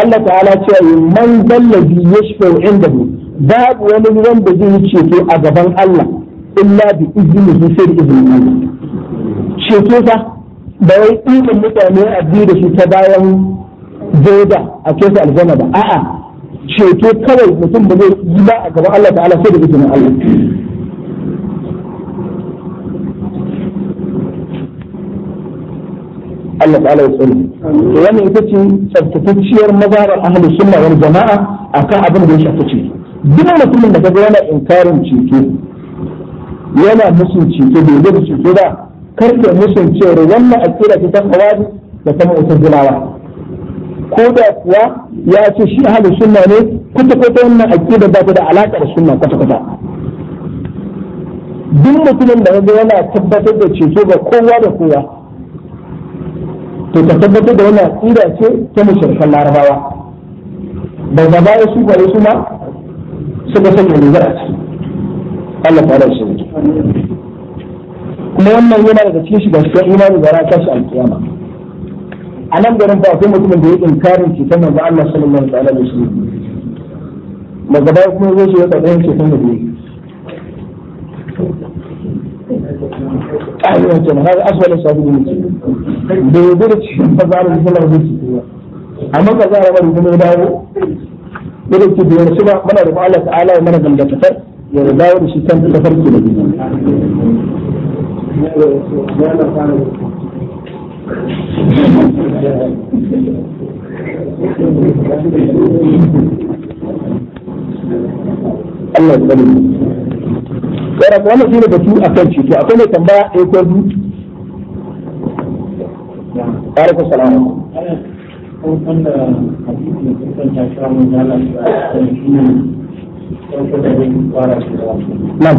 A: Allah ta'ala ce man zallabi yashfa'u indahu babu wani wanda zai yi ceto a gaban Allah illa bi iznihi sai da izinin Allah ceto ta ba wai ɗimin mutane a biyu da su ta bayan zoda a kesa aljanna ba a'a ceto kawai mutum ba zai yi ba a gaban Allah ta'ala sai da izinin Allah Allah ta'ala ya tsare to wannan ita ce tsaftatacciyar mazabar ahli sunna wal jama'a akan abin da ya shafi ce duk mutumin da kaga yana inkarin ceto yana musu ceto bai da ceto ba karke musun cewar wannan akida ce ta hawari da ta mu'tazilawa ko da kuwa ya ce shi ahlus sunna ne kwata kwata wannan akida ba ta da alaƙa da sunna kwata kwata duk mutumin da yanzu yana tabbatar da ceto ga kowa da kowa to ka tabbatar da wannan akida ce ta mushrikan larabawa ba ba su ba su ma suka sanya za a ciki Allah ta da shi kuma wannan yana daga cikin shiga cikin imani da ranar tashi alkiyama a nan garin ba akwai mutumin da ya inkarin nan ba Allah sallallahu alaihi wasallam daga baya kuma zai shiga tsakanin cutar da biyu ayyuka kenan haka aswalin sabu da mutum da ya gudu cikin fazarin sallar da su amma ka zara bari kuma ya dawo da da ke biyar su ba mana da Allah ta'ala ya mana dangantakar ya dawo da shi kan tafarki da biyu Allah ya sani. Yara wannan shi batu a kan ceto, akwai mai tambaya eh, ko biyu? salam. hadisi da kusan ta sha mun a kan da zai fara shi da wasu. Nan.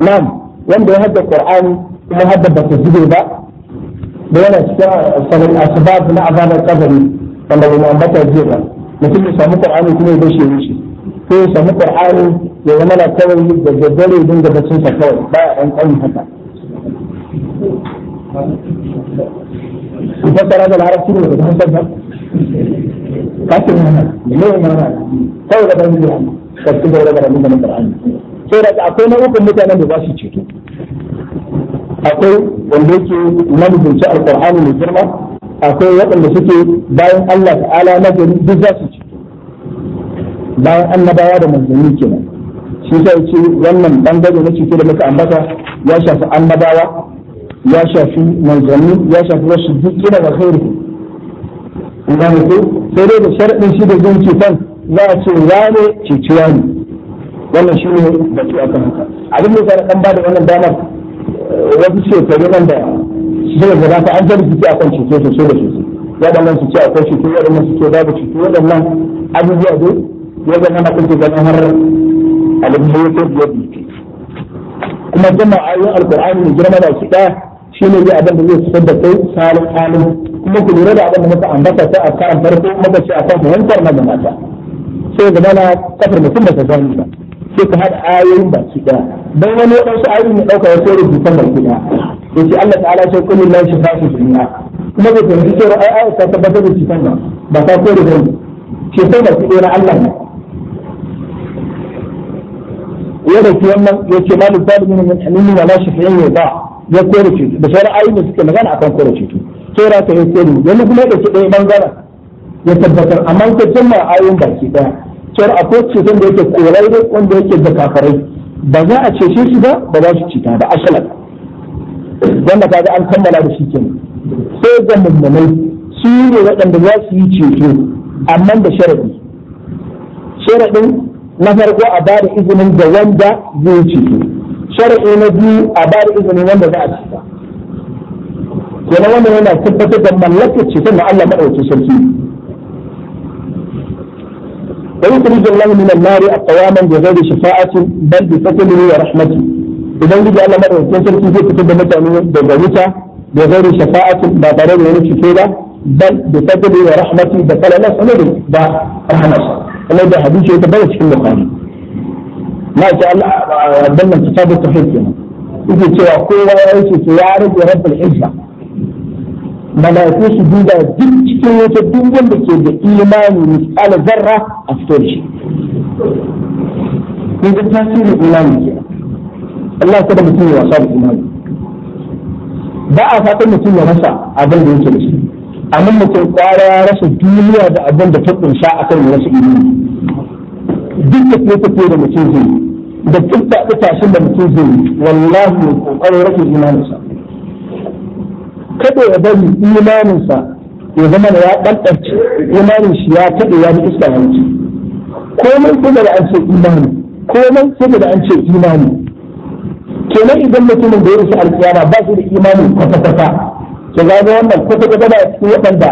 A: zai wanda ya hadda Qur'ani kuma hadda ba ta zube ba da yana cikin sabon asbab na azabar kabari wanda ba mu ambata jiya ba mutum ya samu Qur'ani kuma ya bashe mishi ko ya samu Qur'ani ya zama na kawai da daddare din da bacin sa kawai ba a ɗan haka masara da larabci ne da kuma ba kafin nan ne ne mana kawai da ban da kafin da da mun da Qur'ani sai da akwai nau'ukan mutanen da ba su ceto akwai wanda yake mabugunci alqur'ani mai girma akwai waɗanda suke bayan Allah ta'ala na gari duk za su ceto bayan annabawa da manzanni kenan shi sai ce wannan bangare na ceto da muka ambata ya shafi annabawa ya shafi manzanni ya shafi wasu duk ina da khairi ina ne ko sai dai da sharadin shi da zan ceton za a ce wane ceciwa ne wannan shi ne da su akan haka abin da ya dan ba da wannan damar wasu shekaru nan da suka gabata an ta rikici akan ceto sosai da sosai waɗannan su ce akwai ceto waɗannan su ce babu ceto waɗannan abubuwa dai ya zama na kuke ganin har alhamdulillah ya kuma jama'a ayoyin alkur'ani ne girma da su ɗaya shine ne abin da zai fitar da kai salin halin kuma ku lura da abin da muka ambata ta a kan farko muka ce a kan fahimtar na da mata sai ga mana kafar mutum ba ta zani ba sai ka haɗa ayoyin baki ɗaya dan wani wadansu ayoyi ne ɗauka ya sai rubutan baki ɗaya yace Allah ta'ala sai kullu la shifa'u dunya kuma bai fahimci cewa ai ayat ta tabbatar da cutar nan ba ta kore ba ne cutar baki ɗaya na Allah ne yadda ke wannan yace malu zalimin min hamimi wala shafi'in ya ba ya kore ceto da shari'a ayyukan suke magana akan kore ceto ra ta yi kore wani kuma ya ɗauki ɗaya bangaren ya tabbatar amma ka jama ayoyin baki ɗaya sai cewa akwai ceton da yake korai wanda yake da kafarai ba za a cece shi ba ba za su cita ba asalan wanda ga an kammala da shi kenan sai ga mummunai su ne waɗanda za su yi ceto amma da sharadi sharadin na farko a ba da izinin ga wanda zai ceto shar'i na biyu a ba da izinin wanda za a cika kenan wannan yana tabbatar da mallakar ceton na Allah maɗauki sarki ويخرج الله من النار أقواما بغير شفاعة بل بفضله ورحمته إذا يجي الله مرة وتنسل في كتب متعنية بغيرتا بغير شفاعة بغير من الشكيلة بل بفضله ورحمته دخل ناس أمره ده رحمة الله ده حديث يتبين في البخاري na ce Allah abdullan ta sabu ta hajji yake cewa kowa ya yi ce ya rage rabbul izza malaiku su duba duk cikin wata duk wanda ke da imani misali zarra a fito da shi kun ga tasirin imani ke Allah kada mutum ya wasa da imani ba a fatan mutum ya rasa abin da yake da shi amma mutum kwara ya rasa duniya da abin da ta kunsa akan ya rasa imani duk da ke tafiye da mutum zai yi da duk da tashin da mutum zai yi wallahi kokarin rage imaninsa kada ya bari imaninsa ya zama da ya ɗanɗarci imanin shi ya taɓa ya bi iska ya wuce komai kuma da an ce imani komai kuma da an ce imani kenan idan mutumin da ya isa alƙiyama ba su da imani kwata-kwata to ga wannan kwata-kwata ba cikin waɗanda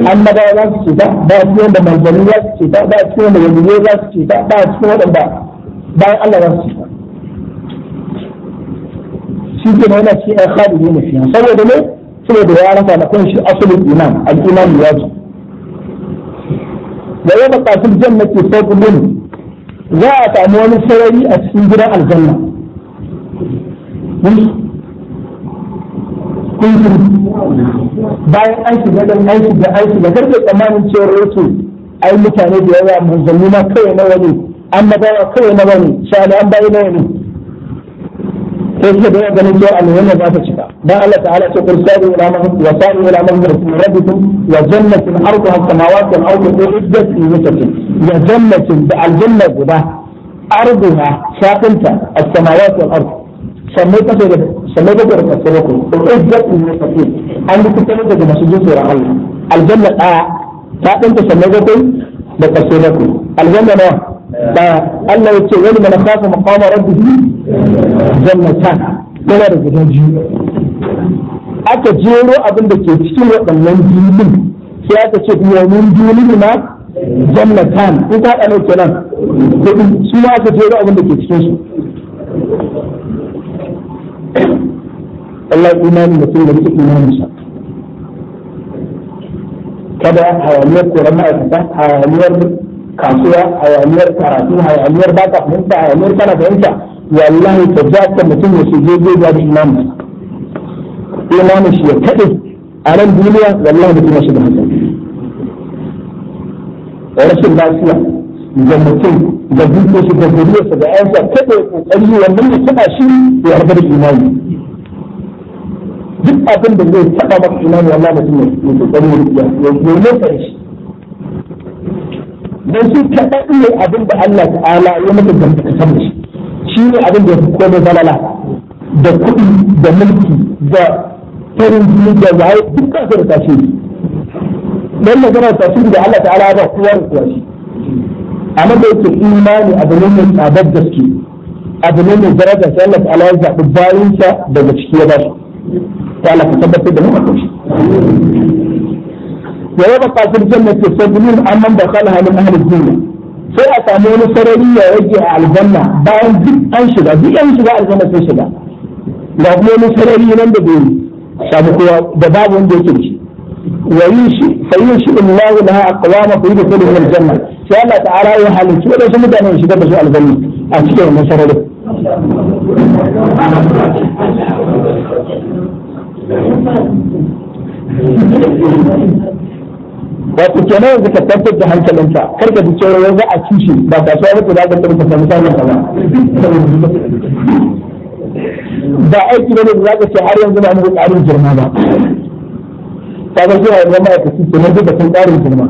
A: annabawa za su ce ba ba a cikin wanda manzanni za su ce ba ba cikin wanda yanzu za su ce ba ba cikin waɗanda bayan Allah ya su shi ke nuna shi ai khalidi ne fiya saboda ne saboda ya rasa na kunshi asalin iman al-iman ji da na ke jannati fadlun za a samu wani sarari a cikin gidan aljanna kuntum bayan an shiga da an shiga an shiga karfe tsammanin cewar yake ai mutane da yawa manzanni ma kawai na wani أما بقى كل ما بني سأل أم بينينه كيف يبقى بني سوء أنه هنا ذات الشفاء ما الله تعالى تقول سالوا إلى من وسالوا إلى من رسول ربكم وجنة أرضها السماوات والأرض في عدة نسك يا جنة الجنة أرضها ساقنة السماوات والأرض سميتها في جنة سميتها في رسول ربكم في عدة نسك أنت تتلقى بمسجد سورة الله الجنة آه ساقنة سميتها da ƙarshe na ku aljanna na ba Allah ya ce wani mana kafa maqama rabbihi jannatan yana da guda biyu aka jero abin da ke cikin waɗannan biyun sai aka ce yamin duniya ma jannatan in ka haɗa nan, kuɗi su ma aka jero abin da ke cikin su Allah imani mutum da rike sa kada hayaniyar koran ma'aikata hayaniyar kasuwa hayaniyar karatu hayaniyar ba ka fahimta hayaniyar kana fahimta wallahi ta ja ta mutum ya shige zai da imamu imamu shi ya kaɗe a nan duniya wallahi mutum ya shiga hankali rashin lafiya ga mutum da dukkan shi da zuriyarsa da ayyuka kada ya kokari wannan ya taɓa shi ya rabar imani duk abin da zai taɓa maka imani Allah mutum ne ke kokari ya ya nesa da shi dan shi kaɗan ne abin da Allah ta'ala ya maka dangantakar da shi shi ne abin da ya fi komai balala da kuɗi da mulki da farin jini da waye duk ka da tashi dan magana tashi da Allah ta'ala ba kowa da kowa shi amma da yake imani abin ne mai tsadar gaske abu ne mai daraja sai Allah ta'ala ya zaɓi bayansa daga ciki ya ba su ta Allah ka tabbatar da mu a kai wa yabqa fil jannati sab'un amman dakhalaha min ahli dunya sai a samu wani sarari ya rage a aljanna bayan duk an shiga duk an shiga aljanna sai shiga ga kuma wani sarari nan da bai samu kowa da babu wanda yake da shi وينشئ فينشئ الله لها اقواما فيدخلهم الجنه sai Allah ta'ala ya halicci waɗansu mutane ya shiga da su aljanna a cikin wannan sararin wato kenan yanzu ka tabbatar da hankalinka kar ka dace wai yanzu a tushe ba ka so ba za ka tabbata ka samu sanin ba ba aiki ne da za ka ce har yanzu ba mu ƙarin girma ba ka ga zuwa yanzu ma ka ce ne da kan ƙarin girma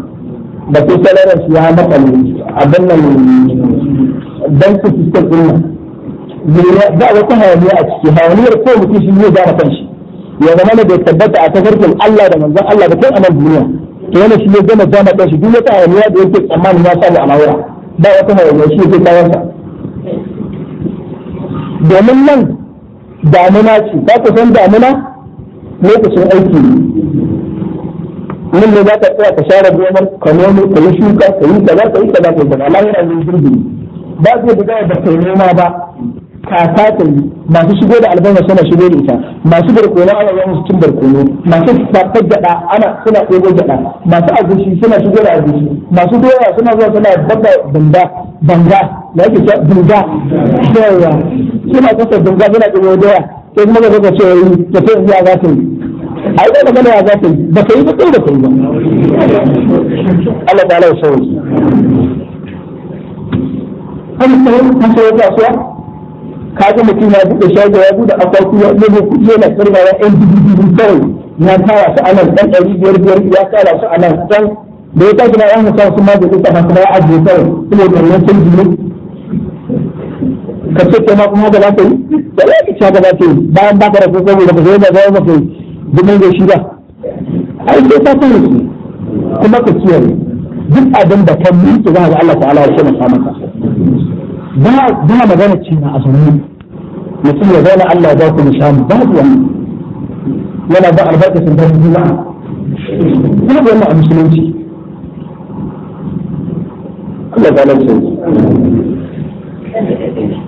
A: ba ko salaran su ya makale abin nan bankin sistem ɗin nan za a wata hayaniya a ciki hayaniyar ko mutum shi ne gane kanshi ya zama da bai tabbata a tafarkin Allah da manzon Allah da kai a nan duniya to yana shi ya gama jama da shi duniya ta hayaniya da yake tsammanin ya samu a mawura ba wata hayaniya shi yake kayan sa domin nan damuna ce ba ka san damuna lokacin aiki nan ne za ka tsaya ka share gonar ka nome ka yi shuka ka yi kaza ka yi kaza ka yi kaza lahira ne girbi ba zai buga da kai noma ba kasa ta yi masu shigo da albarka suna shigo da ita masu barkono ana zuwa musu cin barkono masu faɗa gyada ana suna ɗebo gyada masu agushi suna shigo da agushi masu doya suna zuwa suna babba banga banga da yake cewa banga yawa suna kasar banga suna ɗebo doya sai kuma ka ce da ta ce ya za ta yi ai da magana ya za ta yi ba ka yi ba kai ba ka yi ba Allah ta ya sauki. Kan sai kan sai ya kaga mutum ya buɗe shago ya buɗe akwati ya nemo kuɗi yana tsirga ya ɗan dubu dubu kawai ya tara su a ɗan ɗari biyar biyar ya tara su a ɗan da ya tashi na ɗan sa su ma da duka masu ya ajiye kawai kuma da wannan canji ne ka ce ta ma kuma da za ka yi da ya ka ci haka za ka yi bayan ba ka rasu da ba zai da zai ba kai dumin da shi ba ai sai ka sani kuma ka kiyaye duk abin da kan mutu za ka ga Allah ta'ala ya ce masa maka ba magana ce na azumi mutum ya zauna Allah ya ba ku nishani babu wannan yana ba albarkacin da ba. babu wannan a musulunci Allah ta lantarki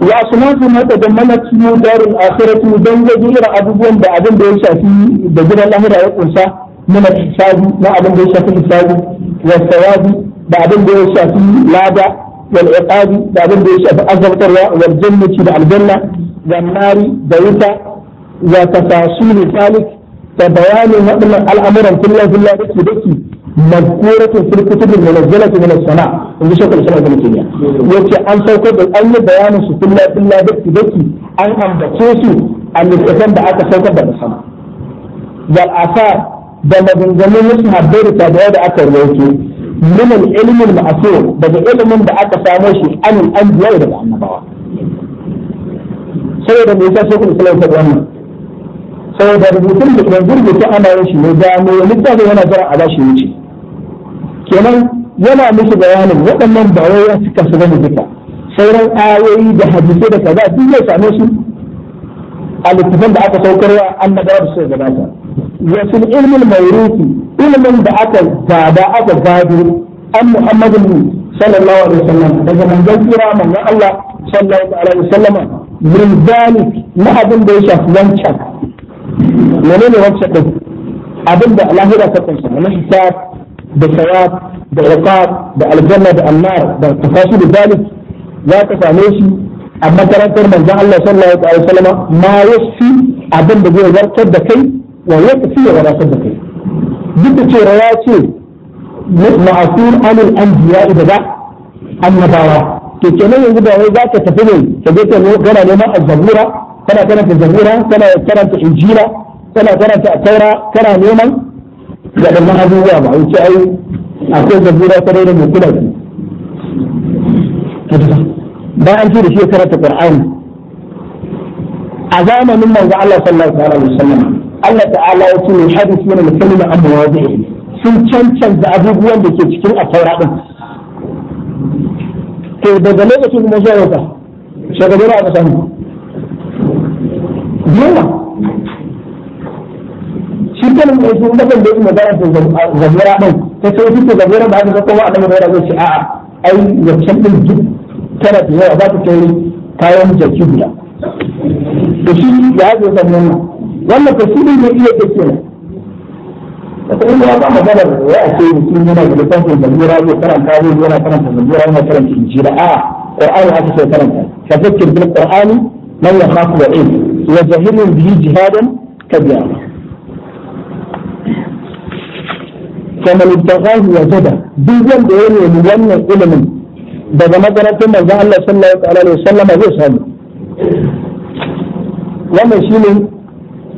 A: ya sunatu na da mana cikin darin akhiratu don gaji irin abubuwan da abin da ya shafi da gidan lahira ya kunsa mana shafi na abin da ya shafi hisabi wa da abin da ya shafi lada wal iqabi da abin da ya shafi azabtarwa wal jannati da aljanna wal nari da wuta wa tafasil zalik da bayanin waɗannan al'amuran kullum kullum dake dake مذكورة في الكتب المنزلة من السماء إن شاء الله سبحانه وتعالى يأتي أن سوكت أي بيان سفلا إلا بكي بكي أن أم بكيسو أن الإسلام دعاك سوكت بعد السماء ذا الآثار ذا مدنزمين نسمع بير تابعي دعاك الروكي min al-ilm al-ma'thur daga ilimin da aka samo shi an al-anbiya daga annabawa saboda me yasa shekul islam ta wannan saboda rubutun da yanzu rubutu ana yin shi ne da yana jira a bashi wuce kenan yana musu bayanin waɗannan ba suka su bane duka sauran ayoyi da hadisai da kaza duk zai same su a littafin da aka saukarwa annabawa da suka gabata wasu ilmin mauruki ilimin da aka gada aka gado an muhammadin sallallahu alaihi wasallam daga manzon kira manzon Allah sallallahu alaihi wasallam min zani na abin da ya shafi wancan menene wancan din abin da lahira ta kunsa na hisab da sawab da iqab da aljanna da annar da tafasil zalik za ka same shi a makarantar manzon Allah sallallahu alaihi wasallam ma yafi abin da zai warkar da kai wa yafi ya wadatar da kai duk da cewa ya ce ma'asur anil anbiya da ba annabawa to kenan yanzu ba wai zaka tafi ne ka je ka gana neman azzabura kana karanta zabura kana karanta injila kana karanta taura kana neman waɗannan abubuwa ba wuce ai akwai zabura ta da mai kula da an ce da shi karanta qur'ani a zamanin manzo Allah sallallahu alaihi wasallam Allah ta'ala ya ce ne hadis yana da kalma an mawadi'i sun da abubuwan da ke cikin attaura din to daga lokacin kuma zuwa wata shagabar a kasan yawa shi kan mai da dakan da ina magana da zamira din ta ce shi ta zabira ba ta kowa annabi da zai ce a'a ai wancan din duk da yawa ba ta kai kayan jaki guda to shi ya zo sannan ولا تسيب المدينة تسيرة فتقول يا بابا بابا رأسي مسلم هنا في لسان في المدينة رأي وكرم كارو هنا كرم في المدينة رأي وكرم في الجراء آه، قرآن وعاكس وكرم فذكر في القرآن من يخاف وعيد وزهر به جهادا كبيرا فمن ابتغاه وزده بيجان بيجان بيجان بيجان بيجان daga magana ta manzo Allah sallallahu alaihi wasallam zai sani wannan shine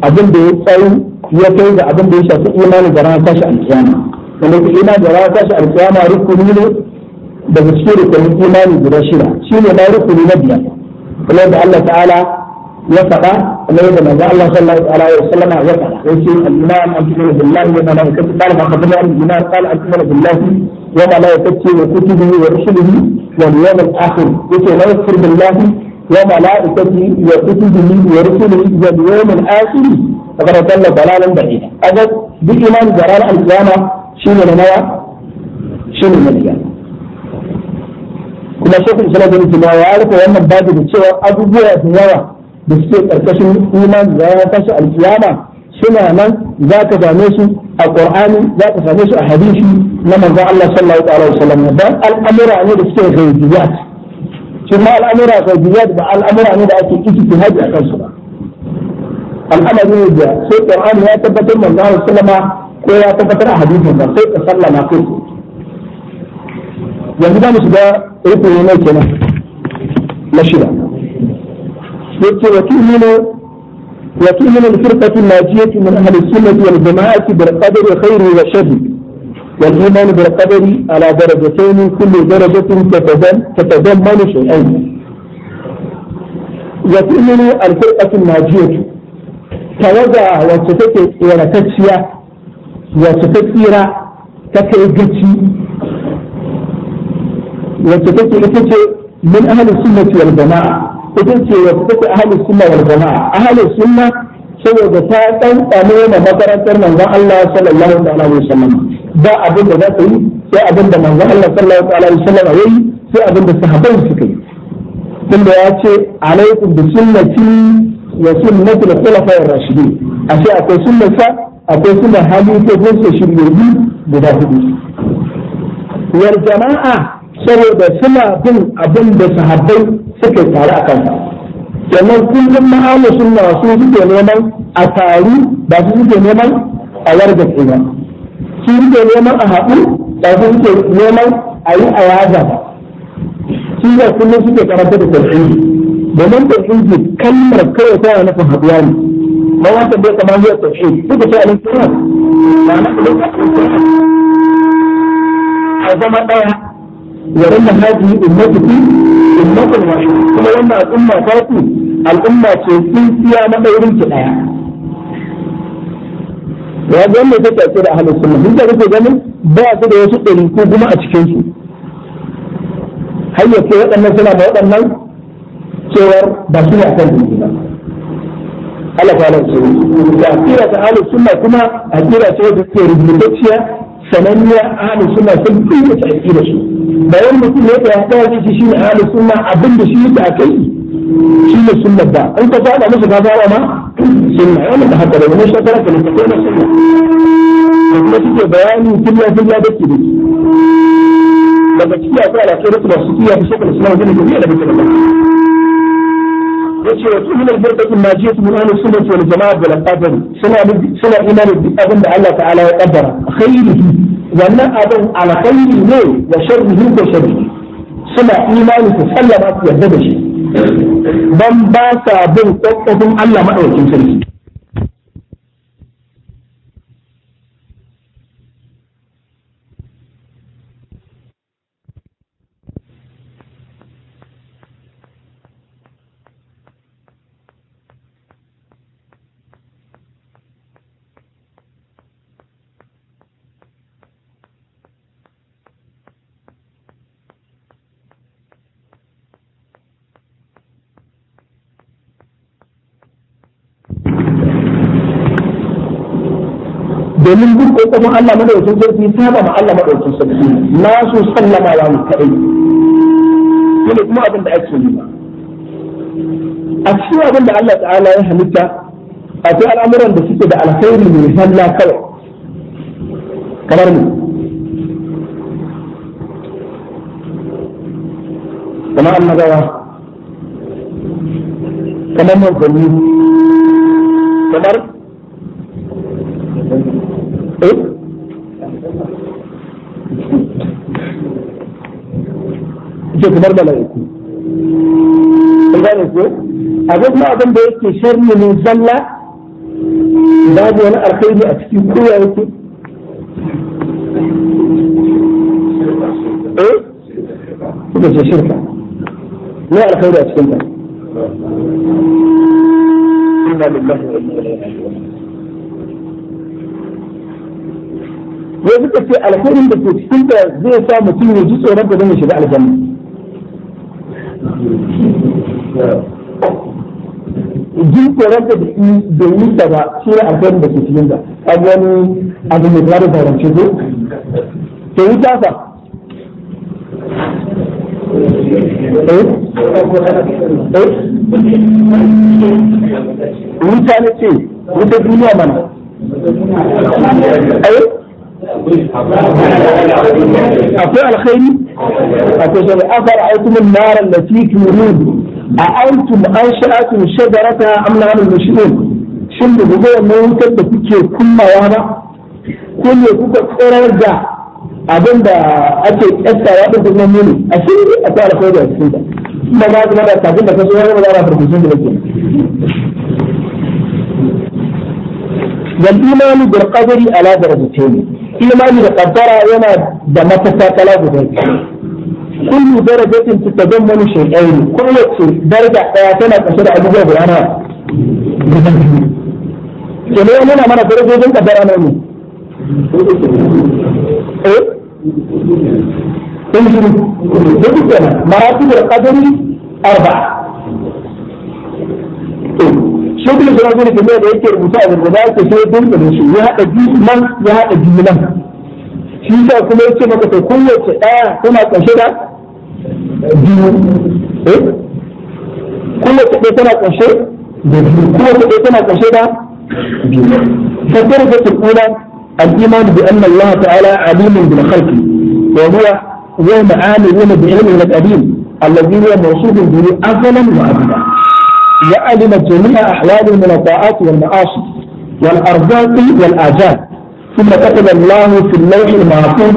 A: abin da ya tsayi ya kai ga abin da ya shafi imanin da rana tashi alkiyama wanda ke imanin da rana tashi alkiyama rukuni ne daga cikin rukunin imani guda shida shi ne na rukuni na biyar kuma da Allah ta'ala ya faɗa kuma yadda manzo Allah sallallahu alaihi wa sallama ya faɗa yace al-iman an tuna billahi wa malaikatihi qala ma qabla al-iman qala an tuna billahi wa malaikatihi wa kutubihi wa rusulihi wal yawmil akhir yace la yakfur billahi وملائكته وكتبه ورسله واليوم الآخر فقد ضل ضلالا بعيدا هذا بإيمان جلال القيامة شنو نوى شنو النبي kuma shekul islam bin jima ya rufe wannan babu da cewa abubuwa da yawa da suke karkashin imani da ya tashi alkiyama suna nan za ka same su a qur'ani za ka same su a hadisi na manzon Allah sallallahu alaihi wasallam dan al'amura ne da suke ghaibiyat ثم الأمر في الجهاد الأمر أن لا أكل إيش في هذا الأمر الأمر يجي سيد القرآن لا تبت من الله سلما كي لا تبت أحد من الله سيد صلى الله عليه وسلم يعني ما نسبة إيه من أي كنا لا شيء سيد وكيل الفرقة الناجية من أهل السنة والجماعة بالقدر الخير والشر والإيمان بالقدر على درجتين كل درجة تتضمن شيئين وتؤمن الفرقة الناجية توزع وتتكي ورتكسية وتتكيرة تكيجتي وتتكي إتكي من أهل السنة والجماعة إتكي وتتكي أهل السنة والجماعة أهل السنة saboda ta ɗanɗano na makarantar manzon Allah sallallahu alaihi wasallam ba abin da za ta yi sai abin da manzo Allah sallallahu alaihi wasallam ya yi sai abin da sahabbai suka yi tunda ya ce alaikum bi sunnati wa sunnati al-khulafa rashidin ashe akwai sunnarsa akwai sunnar halifofin sa shiryoyi guda hudu wal jama'a saboda suna bin abin da sahabbai suka tare a kansa kenan kullum ma'amu sunna su suke neman a taru ba su suke neman a warga ba shi ke neman a haɗu ba su neman a yi a yaza ba shi ne kullum suke karanta da tauhidi domin tauhidi kalmar kawai tana nufin haɗuwa ne ma wanda bai zuwa duka alin kuma a zama ɗaya yaran da haji ummatu fi ummatun kuma wannan al'umma ta ku al'umma ce tsintsiya na ɗaurin ki ɗaya ya ga wannan take ake da ahlus sunna duk da kake ganin ba su da wasu ɗari ko kuma a cikin su har yake waɗannan suna da waɗannan cewar ba su ne akan dindi ba Allah ta su da akira ta ahlus sunna kuma akira ce da ke rubutacciya sananniya ahlus sunna sun dinga ta akira su da wani mutum ne da ya tsaya shi shine ahlus sunna abin da shi kai shi ne sunnar da an ka faɗa musu ka fara ma sunna ya mata haka daga nan shekara ka littafi na sunna da kuma suke bayani filla filla da ke dake daga ciki akwai alaƙar rukun masu kiyaye ta shekara suna wajen da biya da mutum da yace wa tuhul al-firqatu ma ji'tu min ahli sunnah wal jama'a bil qadar suna suna imani bi abin da Allah ta'ala ya kaddara khairihi wannan abin alkhairi ne wa sharrihi ko sharrihi suna imani su sallama su yarda da shi ban ba sa bin tsofaffin Allah maɗaukin sarki domin duk ko kuma Allah madaukakin sarki saba ma Allah madaukakin sarki na su sallama wa mu kadai shine kuma abin da ake yi a cikin abin da Allah ta'ala ya halitta akwai al'amuran da suke da alkhairi ne halla kawai kamar mu kamar annabawa kamar manzanni kamar eh ce mala'iku abin abin da yake sharri ne zalla babu wani alkhairi a cikin kowa yake eh kuka ce shirka ne alkhairi a cikin ta wai suka ce alkhairin zai sa mutum ya ji tsoron da ce wuta duniya mana eh? akwai alkhairi akwai shari afar aikum nar allati turun a antum ansha'atum shajarata am nahnu mushrikun shin da gobe wannan wutar da kuke kunnawa ba ko ne kuka tsirar da abin da ake tsayawa da kuma muni a shi a tsara kai da cikin ta kuma ba kuma da kafin da kaso wani magana da yake wal imanu bil qadari ala imani da kaddara yana da kala guda kullu darajatin tatazammanu shay'ain kowace daraja daya tana kashe da abubuwa guda nawa kene yana mana darajojin kaddara na ne eh kun shiru da duk kenan maratibul qadari arba'a ibn sulaimi ne kamar da yake rubuta a gargada yake sai dole shi ya haɗa jumlan ya haɗa jumlan shi sa kuma yace maka to kowace ɗaya tana ƙarshe da biyu eh kowace ɗaya tana ƙarshe da biyu kowace ɗaya tana ƙarshe da biyu فالدرجة الأولى الإيمان بأن الله تعالى عليم بالخلق وهو يوم عاملون بعلمه القديم الذي هو موصوف به أزلا وأبدا وعلمت جميع أحوال من والمعاصي والأرزاق والآجال ثم كتب الله في اللوح المحفوظ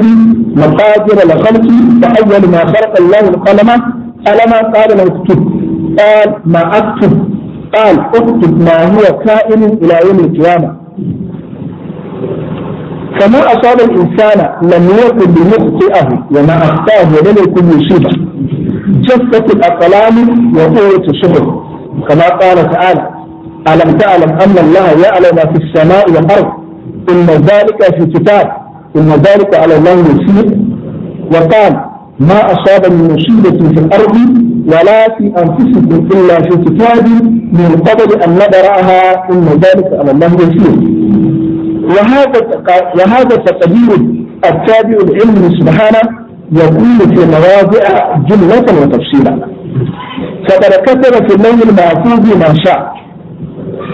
A: مقادر الخلق فأول ما خلق الله القلم قلم قال له اكتب قال ما أكتب قال اكتب ما هو كائن إلى يوم القيامة فما أصاب الإنسان لم يكن ليخطئه وما أخطاه ولم يكن يصيبه جفت الأقلام وقوة الشهر كما قال تعالى ألم تعلم أن الله يعلم في السماء والأرض إن ذلك في كتاب إن ذلك على الله يسير وقال ما أصاب من مصيبة في الأرض ولا في أنفسكم إلا في كتاب من قبل أن نبرأها إن ذلك على الله يسير وهذا وهذا التقدير التابع العلم سبحانه يكون في مواضع جملة وتفصيلا فقد كتب في الليل المعفوظ ما شاء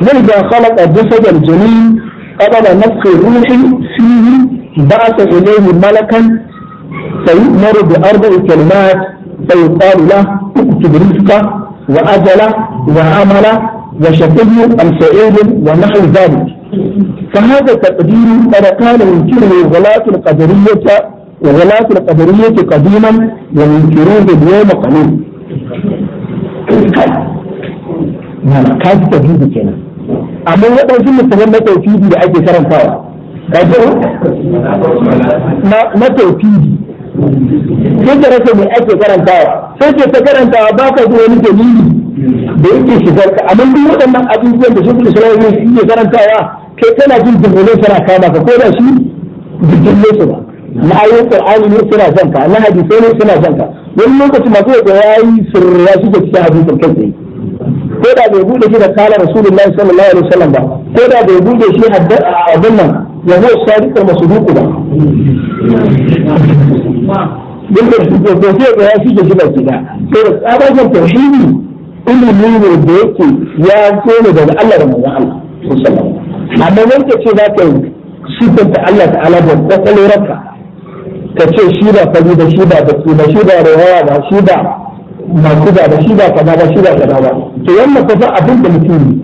A: وإذا خلق الجسد الجميل قبل نفخ الروح فيه بعث إليه ملكا فيؤمر بأربع كلمات فيقال له اكتب رزقه وأجله وعمله وشكله أم سعيد ونحو ذلك فهذا تقدير قد كان ينكره غلاة القدرية وغلاة القدرية قديما وينكروه اليوم قليلا kai ka ji tauhidi kenan amma waɗansu musulman na tauhidi da ake karantawa ka na tauhidi sai ka rasa mai ake karantawa sai ke ta karantawa ba ka ji wani dalili da yake shigar ka amma duk waɗannan abubuwan da shekul islam ne ke karantawa kai kana jin dubbulai suna kama ka ko da shi dubbulai su ba na ayoyin qur'ani ne suna son ka na hadisi ne suna son ka wani lokacin ma zai ga yayi sirra su ke cikin hadisin kai tsaye ko da bai bude shi da kala rasulullahi sallallahu alaihi wasallam ba ko da bai bude shi abin nan ya zo sadiqul masduq ba din da shi ko sai ga yayi shi ke cikin gida to tsabagen tauhidi ilimi ne da yake ya zo ne daga Allah da manzon Allah sallallahu alaihi wasallam amma wanda ce za ka yi sifanta Allah ta'ala da kwakwalwarka ka ce shi ba fari da shi ba da su da shi ba rawa ba shi ba masu ba shi ba kaza ba shi ba kaza ba to wannan fa abin da mutum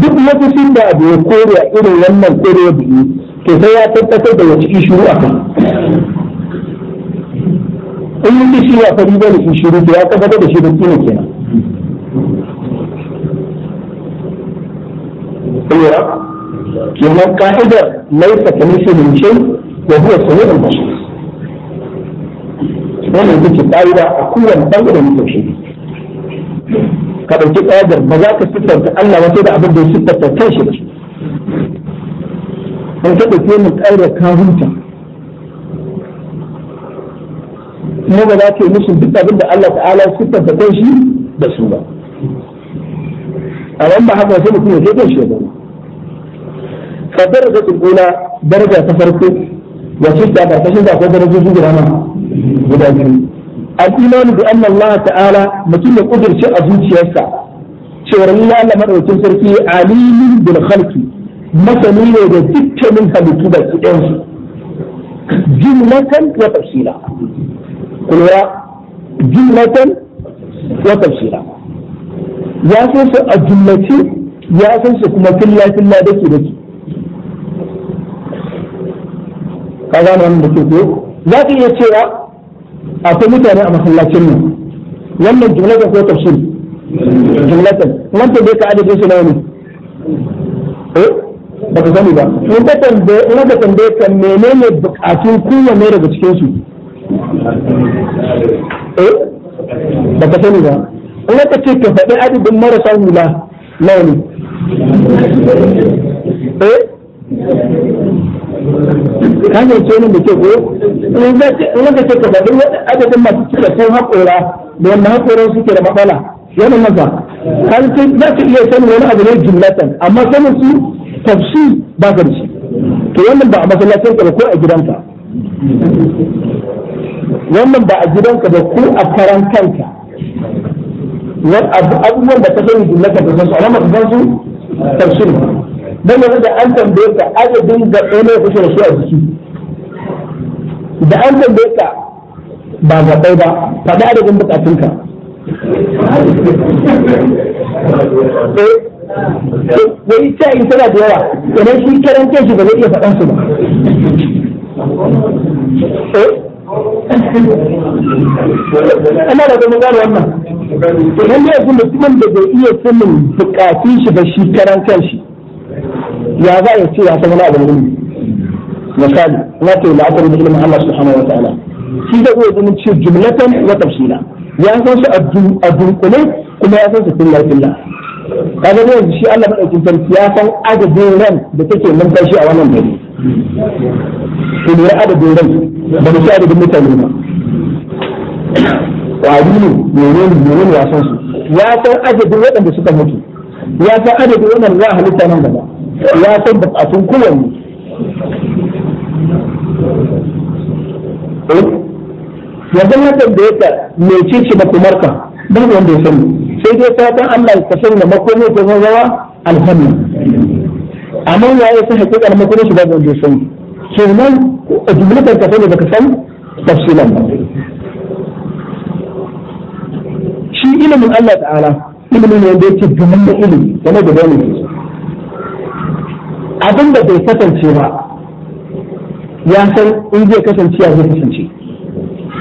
A: duk lokacin da abu ya kore a irin wannan kore da yi to sai ya tabbatar da wace ishuru a kan in yi shi ya fari da ne ishuru to ya tabbatar da shi da kina kenan kenan ka'idar laisa kamishinin shai wa huwa sami'ul basir wannan ita ce ƙa'ida a kowane ɓangare na tauhidi ka ɗauki ƙa'idar ba za ka da Allah ba sai da abin da ya kan shi ba an ka ɗauki wannan ƙa'idar ka huta kuma ba za ka yi musu duk abin da Allah ta'ala da siffanta shi da su ba a ba haka sai mutum ya kai kanshi ya zama fa da ula daraja ta farko wacce ta karkashin da akwai darajoji guda ma guda biyu al Allah ta'ala mutum ya kudirce a zuciyarsa cewa Allah Allah madaukakin sarki alimin bil khalqi masani ne da dukkanin halittu da su ɗan su jumlatan wa tafsila jumlatan wa tafsila ya san su a jumlace ya san su kuma filla filla dake dake iya cewa akwai mutane a masallacin nan wannan jumlatan ko tafsir jumlatan kuma ta bai ka adadin su nawa ne eh ba ka sani ba in ka tambaye in ka tambaye kan menene bukatun kowanne daga cikin su eh ba ka sani ba in ka ce ka faɗi adadin marasa hula nawa ne eh kan yi ce da ke ko in ka ce ka faɗi adadin masu cika sun haƙora da wanda haƙoran suke da matsala yana maza har sai za ka iya sanin wani abu ne jimlatan amma sanin su tafsi ba ka shi to wannan ba a masallacin ka ba ko a gidanka wannan ba a gidanka ba ko a karantanka abubuwan da ta sani jimlatan ka san su amma ba ka san su tafsi ba dan yanzu da an tambaye ka adadin gaɓe ne kusa da shi a jiki da an tambaye ka ba ga gaɓai ba faɗi adadin bukatunka eh, wai ta yi tana da yawa kuma shi kiran kai shi ba zai iya faɗan su ba
B: eh? ana da
A: zama gano wannan idan ne yanzu kuma da bai iya sanin bukatun shi ba shi karan kan shi ya za a ce ya san wani abin ilimi misali na ce la'akari da ilimin Allah subhanahu wa ta'ala shi zai iya zama ce jumlatan wa tafsila ya san su a dunkule kuma ya san su filla filla kaga ne yanzu shi Allah madaukin sarki ya san adadin ran da take numfashi a wannan gari ku lura adadin ran ba mu sai adadin mutane ba wari ne menene menene ya san su ya san adadin waɗanda suka mutu ya san adadin waɗanda za a halitta nan gaba ya san bukatun kowanne eh? yanzu na tambaye ka mece ce makomarka don wanda ya sani sai dai fatan Allah ka sani da makomai ta zama alhamdu amma ya yi sa hakika da makomai shi babu wanda ya sani kenan a dublikan ka sani baka san tafsilan ba shi ilimin Allah ta'ala ilimin ne wanda yake da ilimi game da gani abin da bai kasance ba ya san in zai kasance ya zai kasance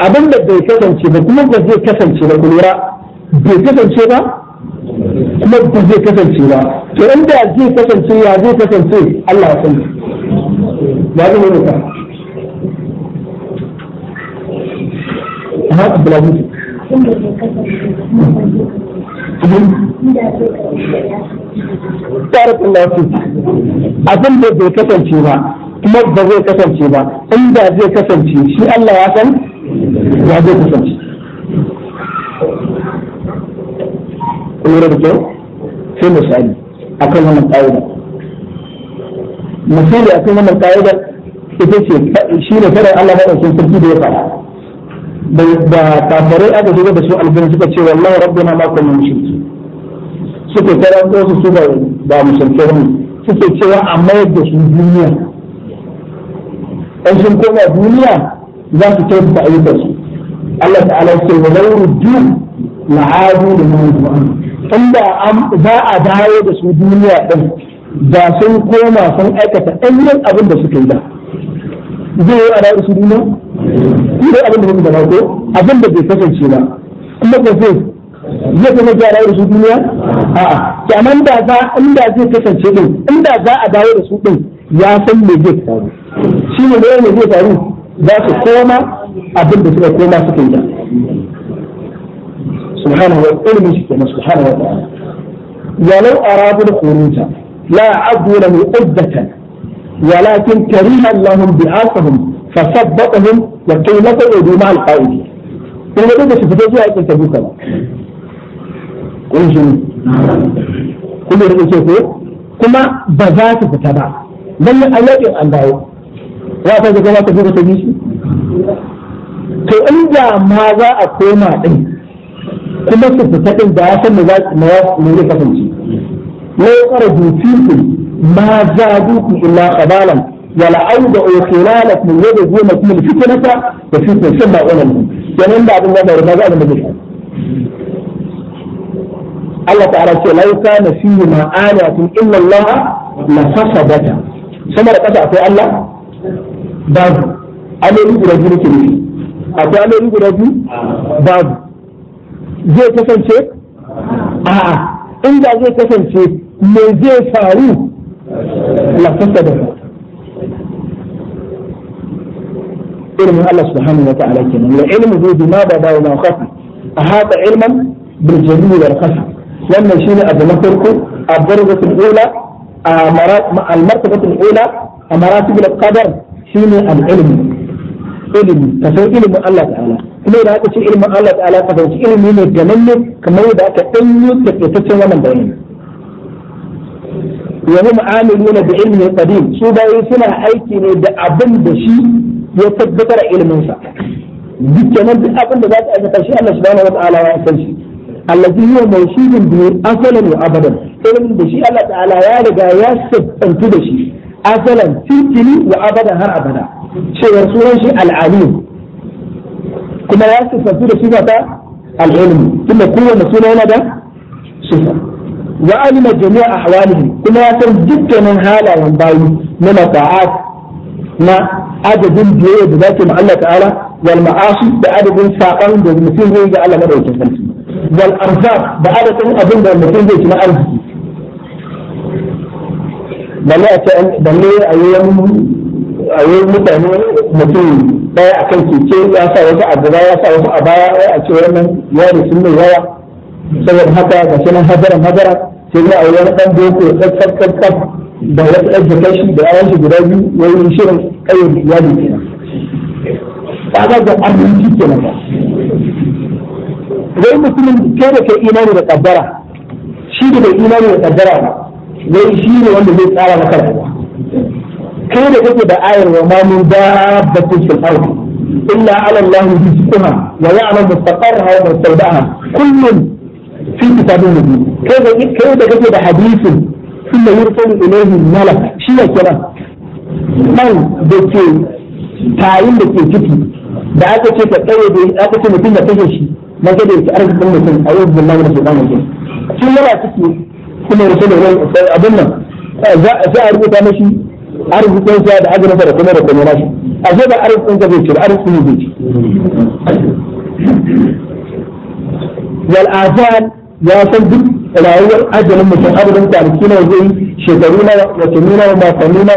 A: abin da bai kasance ba kuma ba zai kasance ba kuma bai kasance ba kuma ba zai kasance ba to inda zai kasance ya zai kasance Allah ya sani ya zama
B: ne ka ha
A: tsarafin lafi abin da bai kasance ba kuma ba zai kasance ba inda zai kasance shi Allah ya san ya zai kasance kuma da kyau sai misali akan wannan ƙa'ida misali kan wannan ƙa'ida ita ce shi ne kada Allah ba ɗaukin sarki da ya faɗa da kafarai aka shiga da su aljanna suka ce wallahi rabbuna ma kullum shi suke karanto su su ba musulmai ne suke cewa a mayar da su duniya in sun koma duniya za su kyautata su Allah ta'ala ce wa lauru duk la'adu da mawazu'an inda za a dawo da su duniya din da sun koma sun aikata ɗanyen abin da suka yi da zai yi a da su duniya? da abin da suka da ko abin da bai kasance ba. kuma ta sai zai kuma gyara da su duniya a'a da za inda zai kasance din inda za a dawo da su din ya san me zai faru shi ne ne zai faru za su koma abin da suka koma suka yi da subhanahu wa ta'ala shi kenan subhanahu wa ta'ala walau arabu khuruja la a'budu lahu uddatan ولكن كره الله بعاصهم فثبتهم وقيل لهم ما القائل. إذا كنت تفتح في أي تبوك kunshin kuma da ce ko kuma ba za su fita ba dan nan an dawo wa ta gaba ta to inda ma za a koma din kuma su fita din da ya san da mu zai kasance lai ƙara dutsen ما da fitar خبالا ولأوضعوا خلالكم يبغون فيهم الفتنة da سمعوا da ba za a الله بن Allah ta'ala ce lau kana fihi ma alatun illa Allah la fasadata sama da kasa akwai Allah babu alori guda biyu nake nufi akwai alori guda biyu babu zai kasance a'a inda zai kasance me zai faru la fasadata ilmin Allah subhanahu wa ta'ala kenan wa ilmu bi ma bada wa ma khafi ahata ilman bil jalil wal khafi wannan shi ne abu na farko a darajatul ula a martabatul ula a da qadar shi ne ilm ilimi ka san ilimin Allah ta'ala kuma da aka ce ilimin Allah ta'ala ka san ilimi ne gananne kamar yadda aka danyo takaitaccen wannan bayani wa hum amiluna bi ilmi qadim su bayi suna aiki ne da abin da shi ya tabbatar ilimin sa dukkanin duk abin da za ka aikata shi Allah subhanahu wa ta'ala ya san shi allazi huwa mawsufun bihi asalan wa abadan irin da shi Allah ta'ala ya riga ya sabbantu da shi asalan tilkini wa abadan har abada cewar sunan shi al'alim kuma ya sabbantu da sifa ta al'ilm tunda kowanne suna yana da sifa wa alima jami'a ahwalihim kuma ya san dukkanin halayen bayi na mata'at na adadin biyayya da zaki ma Allah ta'ala wal ma'asi da adadin saban da mutum zai ga Allah madaukakin sarki wal arzaq da adadin abin da mutum zai ci na arziki balle a ce balle a kan mutane mutum daya keke ya sa wasu a gaba ya sa wasu a baya wai a ce wannan yaro sun mai yawa saboda haka ga shi nan hadaran hadaran sai ya aure wani dan boko tsaf da wasu ɗan shi da yayan shi guda biyu wani shirin kayan iyali kenan kaga da aminci kenan wai musulun ke da ke imani da kaddara shi da bai imani da kaddara ba wai shi ne wanda zai tsara maka rayuwa kai da kake da ayar wa ma min dabbatin fil ardi illa ala allah rizquha wa ya'lamu mustaqarraha wa mustawda'aha kullun fi kitabin mubin kai da ke da kake da hadisin illa yursalu ilayhi malak shi ne kira man da ke tayin da ke ciki da aka ce ka tsaye da aka ce mutum da kashe shi ما تدري تعرف كل مسلم أعوذ بالله من الشيطان الرجيم شو يرى تسمي كل رسول الله طيب، أظن جاء أربو تامشي أعرف كل سعد عجل فرق كل رسول الله أشهد أعرف أنت بيتش أعرف كل بيتش والآثار يا صدق إلى أول أجل مسلم أبدا تاركين وزي شجرين وتمين وما تمين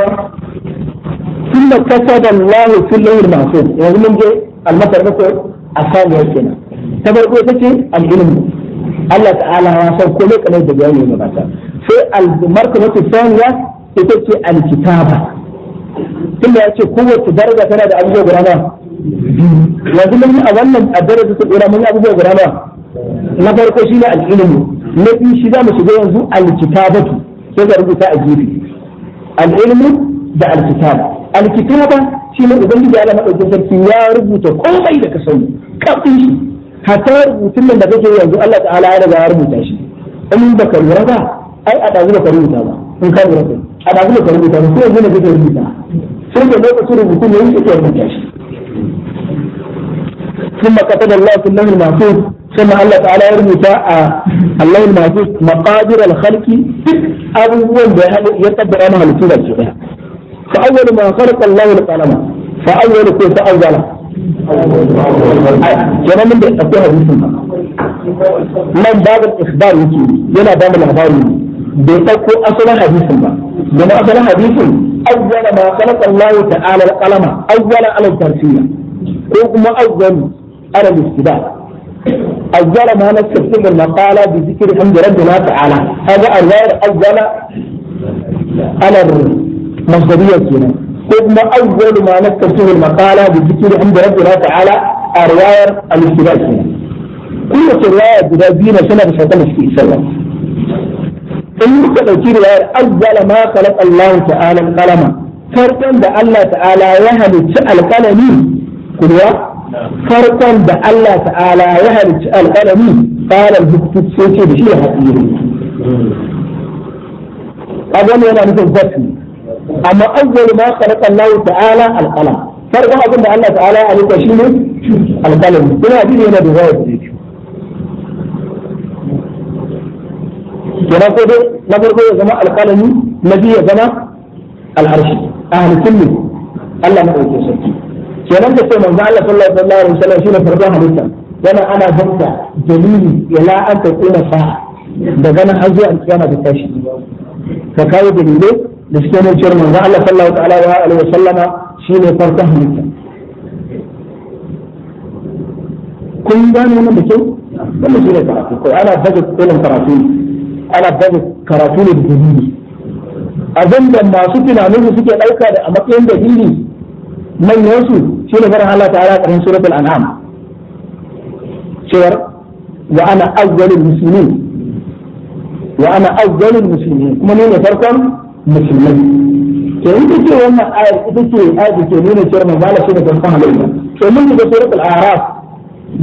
A: ثم كتب الله كل غير معصوم يعني من جاء المثل نقول أثار يا ta farko ita ce al Allah ta'ala ya san komai kamar da bayani ne mata sai al-markabatu thaniya ita ce al-kitaba tunda ya ce kowace daraja tana da abubuwa guda ba yanzu mun a wannan a daraja ta dora mun abubuwa guda ba na farko shine al-ilmu na biyu shi za mu shiga yanzu al sai da rubuta a gefe al da al-kitaba al-kitaba shine ubangiji Allah madaukakin sarki ya rubuta komai da ka sani kafin shi hatta mutumin nan da kake yanzu Allah ta'ala ya daga ya rubuta shi in ba ka lura ba ai a dazu ba ka rubuta ba in ka lura kai a dazu ba ka rubuta ba sai yanzu ne kake rubuta sai da lokaci rubutun ne yake rubuta shi kuma kafa da Allah kullum ma ko sai Allah ta'ala ya rubuta a Allah ma ko maqadir al khalqi abubuwan da ya tabbara ma halittu da su da fa awwal ma khalaqa Allah al qalam fa awwal ko fa awwala kenan mun da akwai hadisin man babu isbar yake yana ba mu labari bai ɗauko asalin hadisin ba domin asalin hadisin awwala ma khalaqa Allah ta'ala al-qalama awwala ala tarsiya ko kuma awwal ala al-istida awwala ma naktubu al-maqala bi dhikri da na ta'ala hada al-ghair awwala ala al-masdariyya kenan ثم أول ما نكتب المقالة بالذكر عند رب الله تعالى أرواية الاستباس كل رواية جدابين سنة بسرطان في سنة فلنكتب في رواية أول ما خلق الله تعالى القلم فرقاً بألا تعالى يهل تسأل قلمي كل فرقاً بألا تعالى يهل تسأل قلمي قال الهكتب سيتي بشيء حقيقي أظن أنا مثل بسني amma awwal ma khalaqa Allah ta'ala al-qalam farko abin da Allah ta'ala ya halitta shine al-qalam kuma hadisi yana da zai kenan ko dai na farko ya zama al na biyu ya zama al-arshi ahlul kulli Allah na dauke sarki kenan da sai manzo Allah sallallahu alaihi wasallam shine farkon halitta yana ana banta dalili ila an ta kuna sa'a daga nan har zuwa kiyama da tashi ka kawo dalilai da suke ne cewar manzo Allah sallallahu ta'ala wa sallama shine farkon halitta kun gane wannan da kyau wannan shine karatu ko ana baje ilmin karatu ana baje karatu ne da dalili abin da masu tunanin suke ɗauka da a matsayin dalili manyan su shine farin Allah ta'ala karin suratul an'am cewar wa ana awwalul muslimin wa ana awwalul muslimin kuma ne farkon musulmai to ita ce wannan ayar ita ce ayar da ke nuna cewa manzala shi ne farkon halitta to mun ga suratul a'raf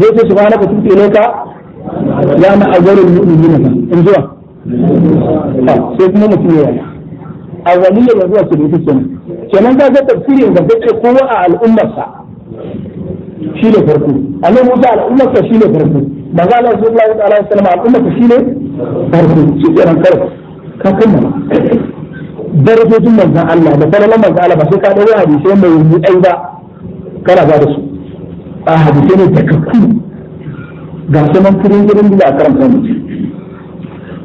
A: zai ce subhanaka tubtu ilayka ya ma'azarul mu'minina in zuwa sai kuma mutum ya a awaliyya da zuwa su ita kenan ka ga tafsirin da kake kowa a al'ummarsa shi ne farko annabi Musa al'ummarsa shi ne farko manzo Allah sallallahu alaihi wasallam al'ummarsa shi ne farko shi kenan kar ka kammala darajojin manzan Allah da falalan manzan Allah ba sai ka dawo hadisai mai ɗai ba kana ba da su a hadisai ne takakku ga saman turin turin da karam karanta mutum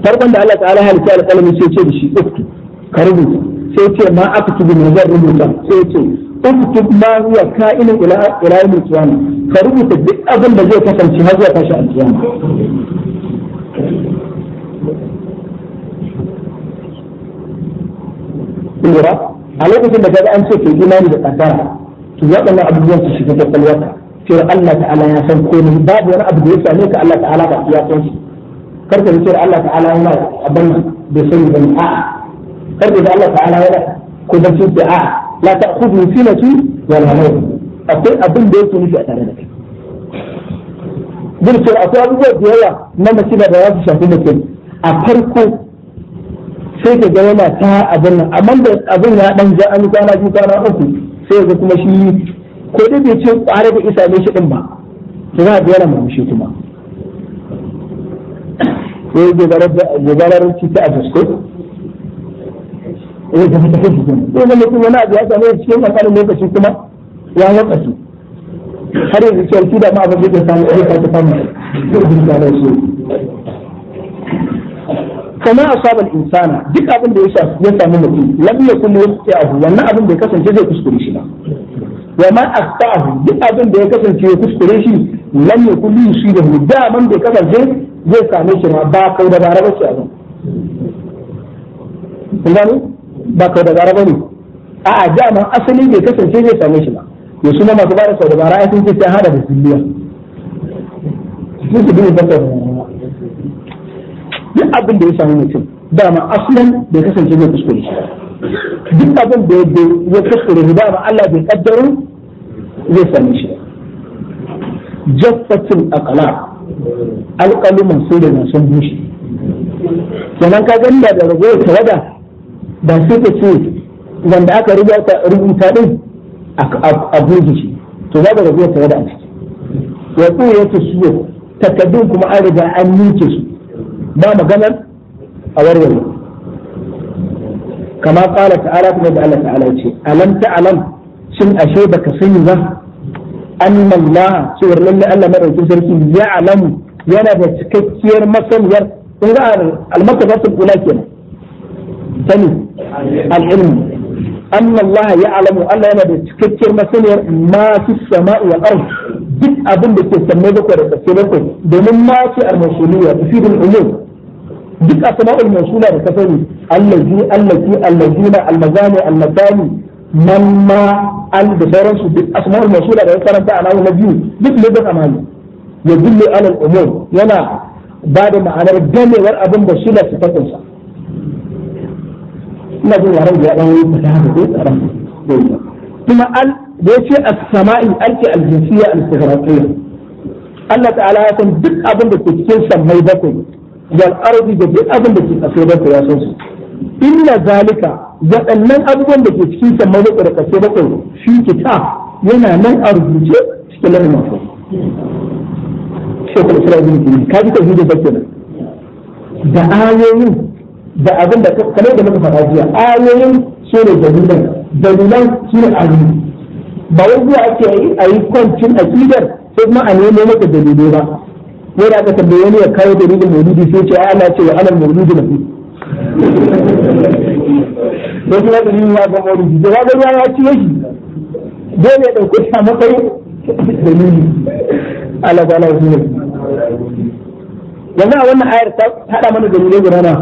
A: farkon da Allah ala halitta alƙalami sai ce da shi uktu ka rubuta sai ce ma aka tubi ne zan rubuta sai ce uktub ma huwa ka'ilin ila mutuwa ne? ka rubuta duk abin da zai kasance har zuwa tashi alƙiyama lura a lokacin da kaga an ce ke imani da kaddara to abu abubuwan su shiga kwakwalwarka cewa Allah ta'ala ya san komai babu wani abu da ya same ka Allah ta'ala ba ya san shi kar ka cewa Allah ta'ala yana abin da sani ba a'a kar ka Allah ta'ala yana ko da shi da a'a la ta'khudhu sinatu wa la nawm akwai abin da yake nufi a tare da kai bin cewa akwai abubuwa da yawa na masina da za su shafi mutum a farko sai ka ga yana ta abin nan amma da abin ya dan ja an kwana biyu kwana uku sai ga kuma shi ko dai bai ce kware da isa mai shi din ba to za a ga mu murmushi kuma ko gobarar gobarar ci eh, ta ajasko eh da ta fi cikin ko ne kuma na ga samu cikin kankanin lokaci kuma ya su, har yanzu cewa shi da ma abin da ke samu ya ta samu ko da shi kama a sabon insana duk abin da ya sami mutum lam yakun yaqta'ahu wannan abin da ya kasance zai kuskure shi ba wa ma akhta'ahu duk abin da ya kasance ya kuskure shi lam yakun yusibahu da man da ya kasance zai same shi ma ba kai da bara bace abin kun gano ba kai da bara bane a a da man asali bai kasance zai same shi ba ya suna masu bada sau da bara ai sun ce ta hada da kulliya duk abin da ya samu mutum dama da bai kasance zai kuskure shi duk abin da ya kuskure shi dama Allah bai kaddaro zai same shi jaffatin akala alqaluman sun da sun bushe Sannan ka gani da ta wada da sai ka ce wanda aka rubuta din a burge shi to za da ta wada a ciki ya tsoye ta suwa takaddun kuma an riga an nuke su ba maganar a warware kama kala ta'ala kuma da Allah ta'ala ce alam ta'alam shin ashe baka sani ba anna Allah cewar lalle Allah madaukin sarki ya alamu yana da cikakkiyar masaniyar kun ga al-martabatul ula kenan sani al-ilmi anna Allah ya alamu Allah yana da cikakkiyar masaniyar ma fi sama'i wal ard duk abin da ke sanne bakwai da tsaye bakwai domin ma fi al-masuliyya tufidul ulum duk asma'ul mawsula da ka sani allazi allati allazina almazani almatani man ma al da sauransu duk asma'ul mawsula da karanta a nawo na biyu duk lidan amani ya dillu alal umur yana ba da ma'anar ganewar abin da shi na sifatinsa ina jin yaran da ya dan yi fata haka ko tsara. kuma al da ya ce as-sama'i alki al-jinsiyya al-istighraqiyya Allah ta'ala ya san duk abin da ke cikin sammai bakwai wal ardi da duk abin da ke kasai bakwai ya san su inna zalika waɗannan abubuwan da ke cikin sammai bakwai da kasai bakwai shi kitab yana nan a rubuce cikin lamin mafi shekul isra ibn kini ka ji tauhidin bakwai nan da ayoyin da abin da kamar da muka faɗa jiya ayoyin su ne dalilan dalilan su ne ayoyi ba wai zuwa ake yi a yi kwancin akidar sai kuma a nemo maka dalilai ba ko da aka tambaye wani ya kawo dalilin maulidi sai ce ai Allah ce wa alal na nafi sai kuma dalilin ya ga maulidi da ga ruwa ya ci shi dole ya dauko ta matsayin dalili Allah ta Allah ne yanzu a wannan ayar ta haɗa mana dalilai guda na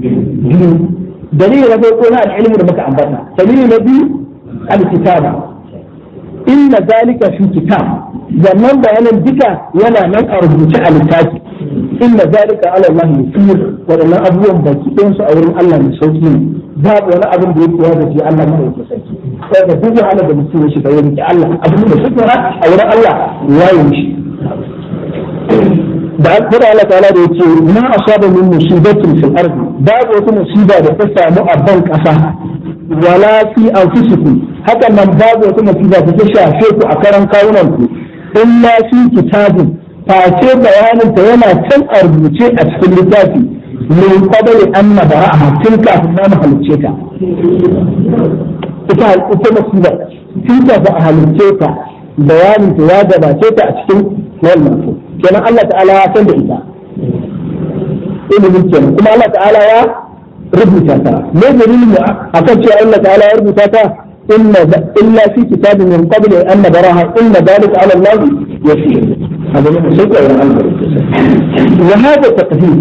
A: biyu dalili na farko na al'ilmu da muka ambata dalili na biyu al-kitaba inna zalika fi kitab wannan bayanan duka yana nan a rubuce a littafi inna zalika ala Allah yusir waɗannan abubuwan baki ɗayan su a wurin Allah mai sauki ne babu wani abin da yake wanda ke Allah mai sauki sai da duk wahala da mutum ya da yanki Allah abin da suke a wurin Allah wayin shi da alƙura Allah ta'ala da yake ma asaba min musibatin fil ardi babu wata musiba da ta samu a ban ƙasa wala fi anfusikum hakan nan babu wata musiba da ta shafe ku a karan kawunan ku illa sun kitabun face bayanin ta yana can a rubuce a cikin littafi min qabli an nabra'aha tun kafin na mu halicce ta ita ita musiba tun kafin a halicce ta bayanin ta ya gabace ta a cikin wannan to kenan Allah ta'ala ya san da ita ilimin kenan kuma Allah ta'ala ya rubuta ta me dalilin akan cewa Allah ta'ala ya rubuta ta إلا إلا في كتاب من قبل أن براها إن ذلك على الله يسير هذا من سيد وهذا تقدير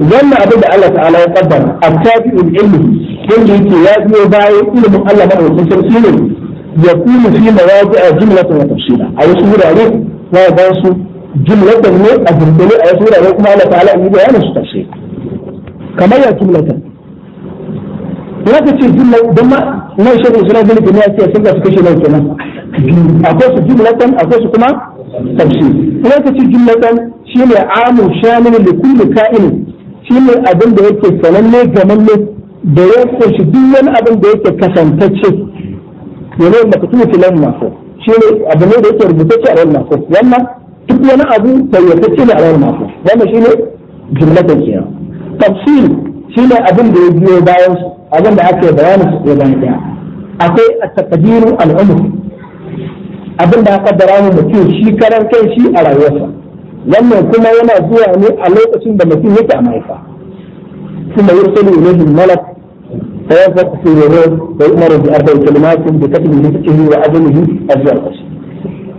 A: لما أبدأ الله تعالى يقدر التابع العلمي كل امتياز يباعي إلى مؤلف أو تسلسل يكون في مواضع جملة وتفصيلة أي سورة عليه وضعص جملة من أجل أي سورة عليه ما الله تعالى يبعي عنه تفصيل كما يا جملة ya ka ce jumla don ma na shi ne suna bin ya ce sun ga su kashe nan kenan akwai su jumlatan akwai su kuma tafsir ya ta ce shi ne amu shamil li kulli Shi ne abin da yake sananne gamanne da ya kunshi duk wani abin da yake kasantacce yana da kutubu filan mako shine abin da yake rubutacce a wannan mako wannan duk wani abu tayyatacce ne a wannan mako wannan ne jumlatan kenan tafsir shi ne abin da ya biyo bayan su abin da aka yi bayanin su ɗaya bayan ɗaya akwai at-taqdiru al-umr abin da aka dara mu mutum shi karan kai shi a rayuwarsa wannan kuma yana zuwa ne a lokacin da mutum yake a mahaifa kuma yursalu ilayhi al-malak فينفق في الروح ويؤمر بأربع كلمات بكتب نفسه وعدمه الزرقش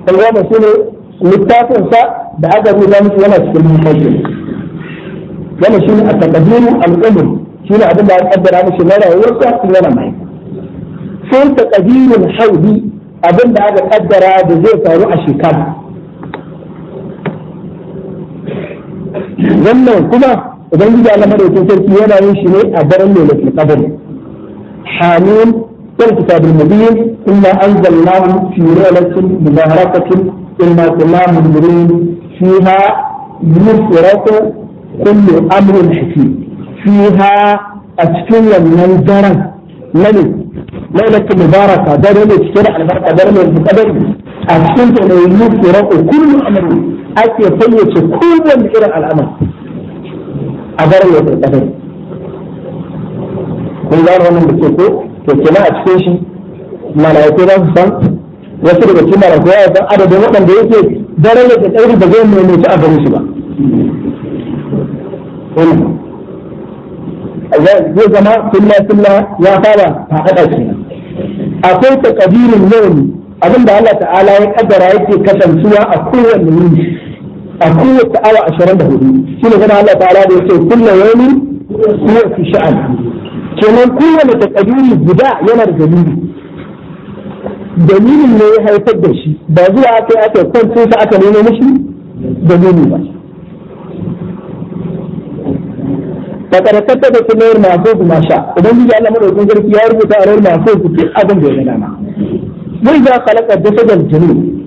A: فالغابة سنة للتاكن سا بعد الرجال يلا سكن مخزن yana shi ne a takadiru al'umur shi ne abin da aka kaddara mishi na rayuwarsa in yana mai sai takadirun haudi abin da aka kaddara da zai faru a shekara wannan kuma ubangiji Allah madaukakin sarki yana yin shi ne a daren lailatul qadr hamim والكتاب المبين إنا أنزلناه في ليلة مباركة إنا كنا منذرين فيها يفرق kullu amrun hakim fiha a cikin wannan daren nane lailatul mubaraka dare ne cike da albarka dare ne mukaddari a cikin ta ne yusra'u kullu amrun ake fayyace kowanne irin al'amari a daren ne mukaddari kun gano wannan da ke ko a cikin shi malaiku za su san wasu daga cikin malaiku ya san adadin waɗanda yake daren ba zai maimaita a gare ba zai zama sunna sunna ya fara ta haɗa shi akwai takabirin abin da Allah ta'ala ya kaddara yake kasancewa a kowanne wuni a kowace awa ashirin da hudu shi ne kuma Allah ta'ala da yake kulla yawmi huwa fi sha'an kenan kowanne takabiri guda yana da dalili dalilin ne ya haifar da shi ba zuwa aka yi aka kwanto sa aka nemo mishi dalili ba bakar da masu su ma sha idan garki ya rubuta a ya nuna ma kalaka da sabon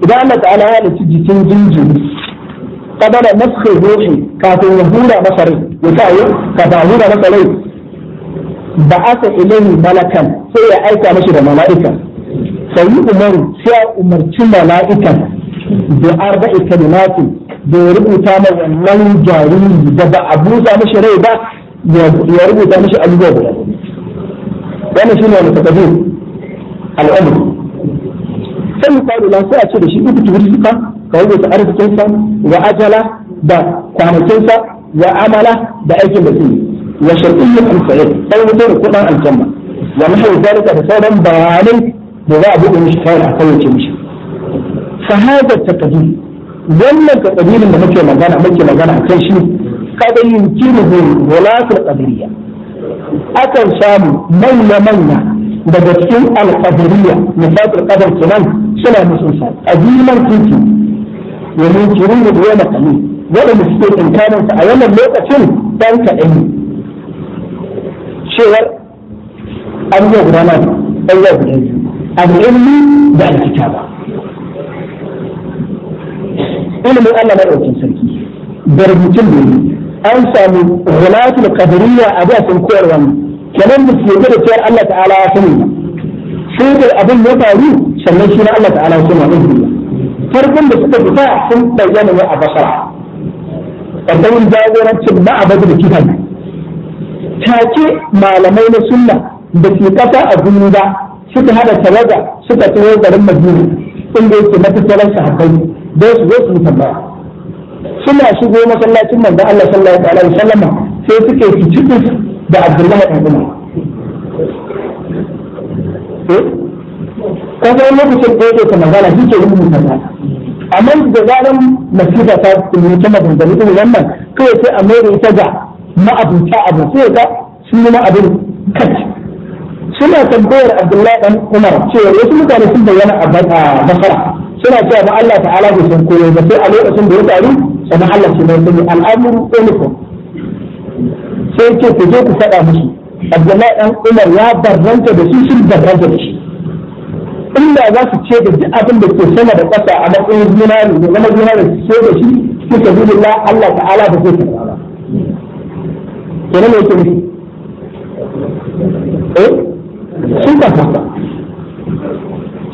A: idan Allah ta jikin jinjin kadara nafsu ruhi kafin ya hura masa rai ya ta yi ka ba hura masa rai ba aka ilimi malakan sai ya aika mashi da mala'ika sai umaru sai ya umarci mala'ika da arba'i kalimatu da ya rubuta ma wannan jariri da ba a busa mashi rai ba ya rubuta mishi abubuwa guda wannan shine wani takaddu al'umma sai mu faru la sai a ce da shi uku turisika ka rubuta arzikinsa wa ajala da kwanakinsa wa amala da aikin da zai wa shar'iyyat al-sayyid sai mu da kudan aljanna wa nahu zalika da sauran bayanai da za a buɗe mishi kawai a kawai mishi fa hadha takaddu wannan takaddirin da muke magana muke magana akan shi kada yunkiruhu walatul qadariyya akan samu manya manya daga cikin alqadariyya misatul qadar kenan suna musun sa aziman kinki wa yunkiruhu wala qalil wadanda suke inkarin sa a wannan lokacin dan kaɗan ne cewar abubuwa guda na abubuwa guda biyu al'ilmi da alkitaba ilimin Allah na ɗaukin sarki da rubutun da an samu ghulatul qadariyya a da sun koyar wannan kenan da su da cewa Allah ta'ala ya sani sai da abin ya faru sannan shi na Allah ta'ala ya sani farkon da suka fita sun bayyana ne a basara ƙarƙarin jagorancin ba a bada da kitan take malamai na sunna da ke kasa a duniya ba suka hada tawaga suka tawo garin madina inda yake matasarar sahabbai don su zo su yi tambaya suna shigo masallacin manzo Allah sallallahu alaihi wasallam sai suke kicibis da Abdullahi ibn Umar eh? ka san lokacin da yake ta magana shi ke yin kaza amma da zaran nasiba ta kuma ta magana da wannan kai sai a mai ta ga ma'abuta abu sai ga ne ma abin kai suna tambayar Abdullahi ibn Umar cewa wasu mutane sun bayyana a Basra suna cewa ba Allah ta'ala ya san koyo ba sai a lokacin da ya taru sannan Allah ce mai sani al'amuru ulukum sai ce ku je ku faɗa musu Abdullahi dan Umar ya barranta da su sun barranta da shi inda za su ce da duk abin da ke sama da ƙasa a matsayin zinari da zama zinari su ce da shi su sabilillah Allah ta'ala da zai karɓa ba kenan ne yake nufi eh sun karɓa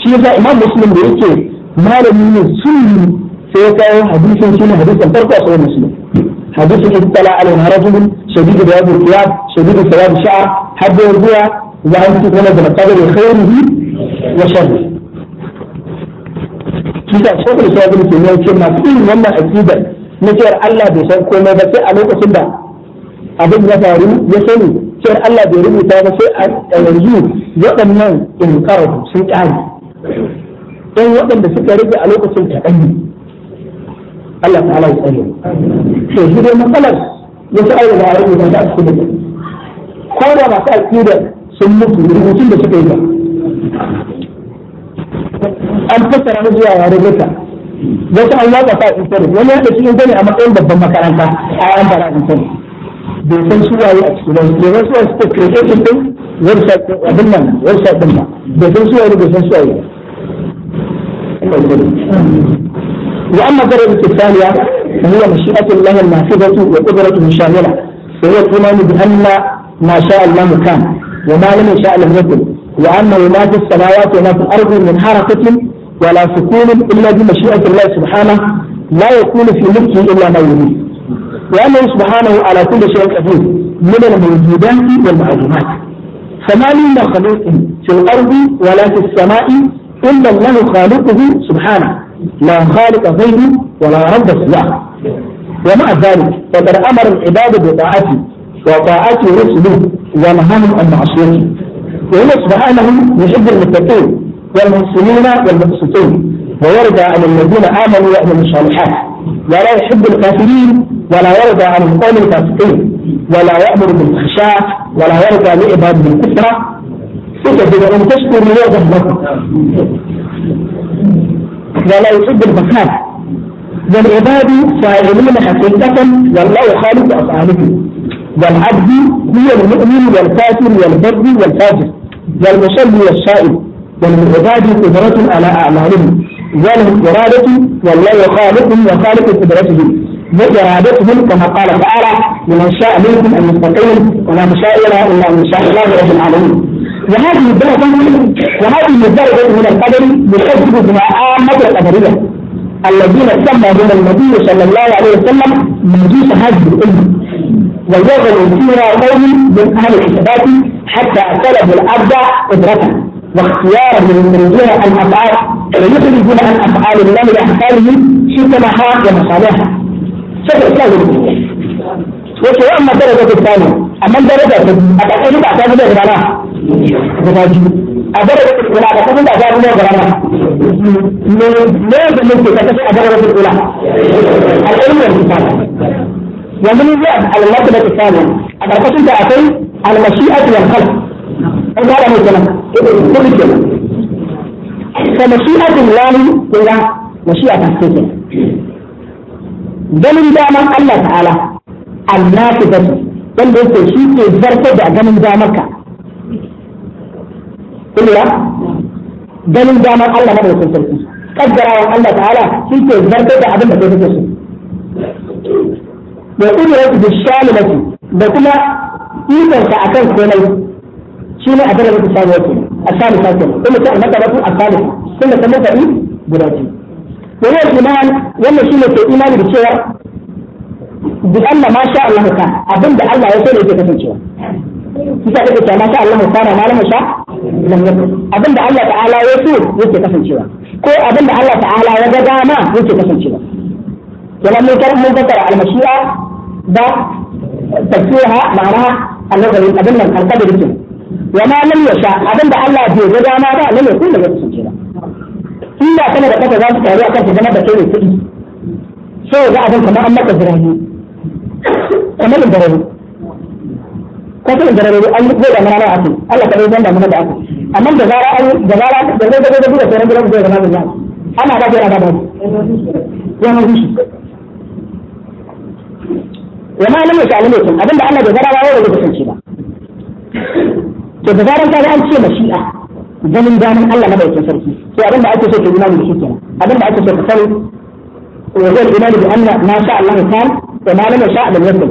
A: shi yasa imam muslim da yake malami ne sun yi sai kawo hadisin shi ne hadisin farko a sahih muslim hadisin ibtala alayhi rajulun shadid da al-qiyab shadid sawad sha'r hadda ruya wa an tukuna bil qadr khayrihi wa sharrihi kisa shekul sabin ke ne ce masu yin wannan aqidar na cewar Allah bai san komai ba sai a lokacin da abin ya faru ya sani cewar Allah bai rubuta ba sai a yanzu waɗannan in sun ƙare in waɗanda suka rage a lokacin kaɗan ne Allah ta'ala ya tsare to shi dai matsalar wasu aure da aure ba za su da ko da masu aƙidar sun mutu rubutun da suka yi ba an fassara na zuwa yare gata wasu an yaba sa da. wani yadda shi intanet a matsayin babban makaranta a yan bara intanet bai san su waye a cikin wani bai san su waye suka creation din website abin nan sa din ba bai san su waye bai san su waye واما الدرجه الثانيه فهي مشيئه الله النافذه وقدرته الشامله وهي الايمان بان ما شاء الله كان وما لم يشاء لم يكن وانه ما في السماوات وما في الارض من حركه ولا سكون الا بمشيئه الله سبحانه لا يكون في ملكه الا ما يريد وانه سبحانه على كل شيء قدير من الموجودات والمعلومات فما من خليق في الارض ولا في السماء الا الله خالقه سبحانه لا خالق غيري ولا رب سواه ومع ذلك فقد امر العباد بطاعته وطاعته رسله ونهاهم عن معصيته وهو سبحانه يحب المتقين والمحسنين والمقسطين ويرضى عن الذين امنوا وعملوا الصالحات ولا يحب الكافرين ولا يرضى عن القوم الفاسقين ولا يامر بالخشاع ولا يرضى لعباد بالكفره ستجد ان تشكر يرضى ولا يصد الفساد والعباد فاعلون حقيقة والله خالق أفعالهم والعبد هو المؤمن والكافر والبر والفاجر والمصلي والصائم والعباد قدرة على أعمالهم ولهم إرادة والله خالقهم وخالق قدرتهم وإرادتهم كما قال تعالى لمن شاء منكم أن يستقيم ولا مشاء إلا أن شاء الله رب العالمين وهذه الدرجة وهذه الدرجة من القدر بحسب عامة القدرية الذين سمى بهم النبي صلى الله عليه وسلم مجوس هذه الأمة وجغلوا فيها قوم من أهل الحسابات حتى طلبوا الأرض قدرته واختيارا من عن الأفعال ويخرجون عن أفعال الله لأحكامهم شتمها ومصالحها. شكرا لكم. yace wa amma daraja ta tsani amma daraja ta a da kai ta ta da rana guda biyu a daraja ta kula da kuma da ta ne da rana ne ne da muke ta kace a daraja ta kula al'ilmu da tsani yanzu ne zai ta da tsani a karkashin ta akwai al wal khalq an ga mu kenan ko kenan fa mashi'atu lillahi kun ga mashi'a ta kenan ganin daman Allah ta'ala annafidatu wanda yake shi ke zarfe da ganin damarka kullura ganin damar Allah madaukakin sarki kaddarawan Allah ta'ala shi ke zarfe da abin da kai kake so da da bi mafi da kuma ikon sa akan komai shi ne a abin da kake samu a asali sakin kuma ta annaka a asali kuma ta mutane guda biyu wannan shi ne ke imani da cewa bi Allah ma sha Allah ka abin da Allah ya so da yake kasancewa kisa da kace ma sha Allah ka na malama sha abinda abin da Allah ta'ala ya so yake kasancewa ko abin da Allah ta'ala ya ga dama yake kasancewa kenan mun karin mun kasar al-mashi'a da tafsirha ma'ana annabi abin nan al da kin wa ma lam yasha abin da Allah bai ga dama ba lam yakun da yake kasancewa
B: illa kana da kasa za su
A: taru akan su zama da kai kuɗi sai ga abin kamar an maka zirani kamar da zirani kuma san da zirani an yi da mana a Allah ka zai da mana da aka amma da zara an da zara da zai da zai da sauran gidan zai zama da ana da yana da
B: yana
A: shi ya ma lam yasha'al lakum abinda Allah bai zara ba wai bai kasance ba to da zaran ka an ce mashi'a ganin ganin Allah na bai sarki to abinda ake so ke nuna mu shi kenan abinda ake so ka sani ويقول الإيمان بأن ما شاء الله كان وما لم يشاء لم يكن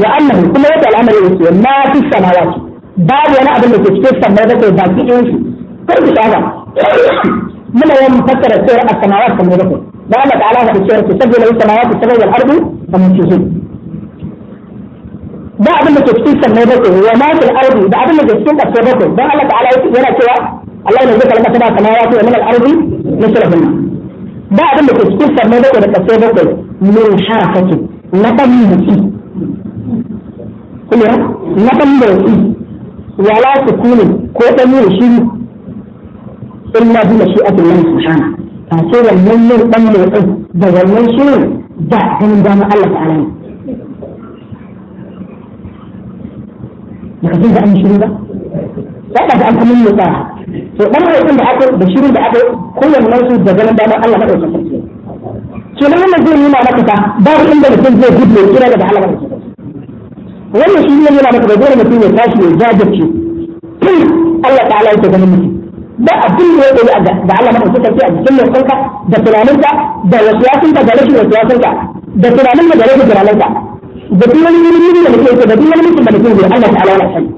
A: وأنه كل يدعى الأمر يوسف ما في السماوات باب وأنا أبن لك كيف سميتك الباقي يوسف كل هذا من يوم فكر السيرة السماوات كما ذكر وأنا تعالى في السيرة تسجل له السماوات السبع والأرض فمن تزيد بعد ما da ke وما في الأرض بعد ما fil ardi da abin تعالى يقول لك bakwai bakwai dan Allah سماوات ومن الأرض Allah ne ba abin da ke cikin sarmai bakwai da kasai bakwai min harafatu na ɗan mutsi kuma na ɗan mutsi wala sukunin ko ɗan yin shi illa bi mashi'atin Allah subhanahu ta ce wannan yin ɗan mutsin da wannan shirin da ganin dama Allah ta'ala ne da kace da an shiru ba ba da an kuma mutsa to dan aikin da aka da shirin da aka kowanne su da ganin damar Allah na ɗaukar sarki ke nan wannan zai nuna maka ta babu inda mutum zai gudu kira daga Allah na ɗaukar wannan shi ne nuna maka da dole mutum ya tashi ya jajirce tun Allah ta'ala yake ganin mutum ba abin da ya ɗaya da Allah na ɗaukar sarki a cikin mai kanka da tunaninka da wasuwasinka da rashin wasuwasinka da tunaninka da rashin tunaninka da duk wani wuri da mutum da duk wani mutum da mutum Allah ta'ala na sani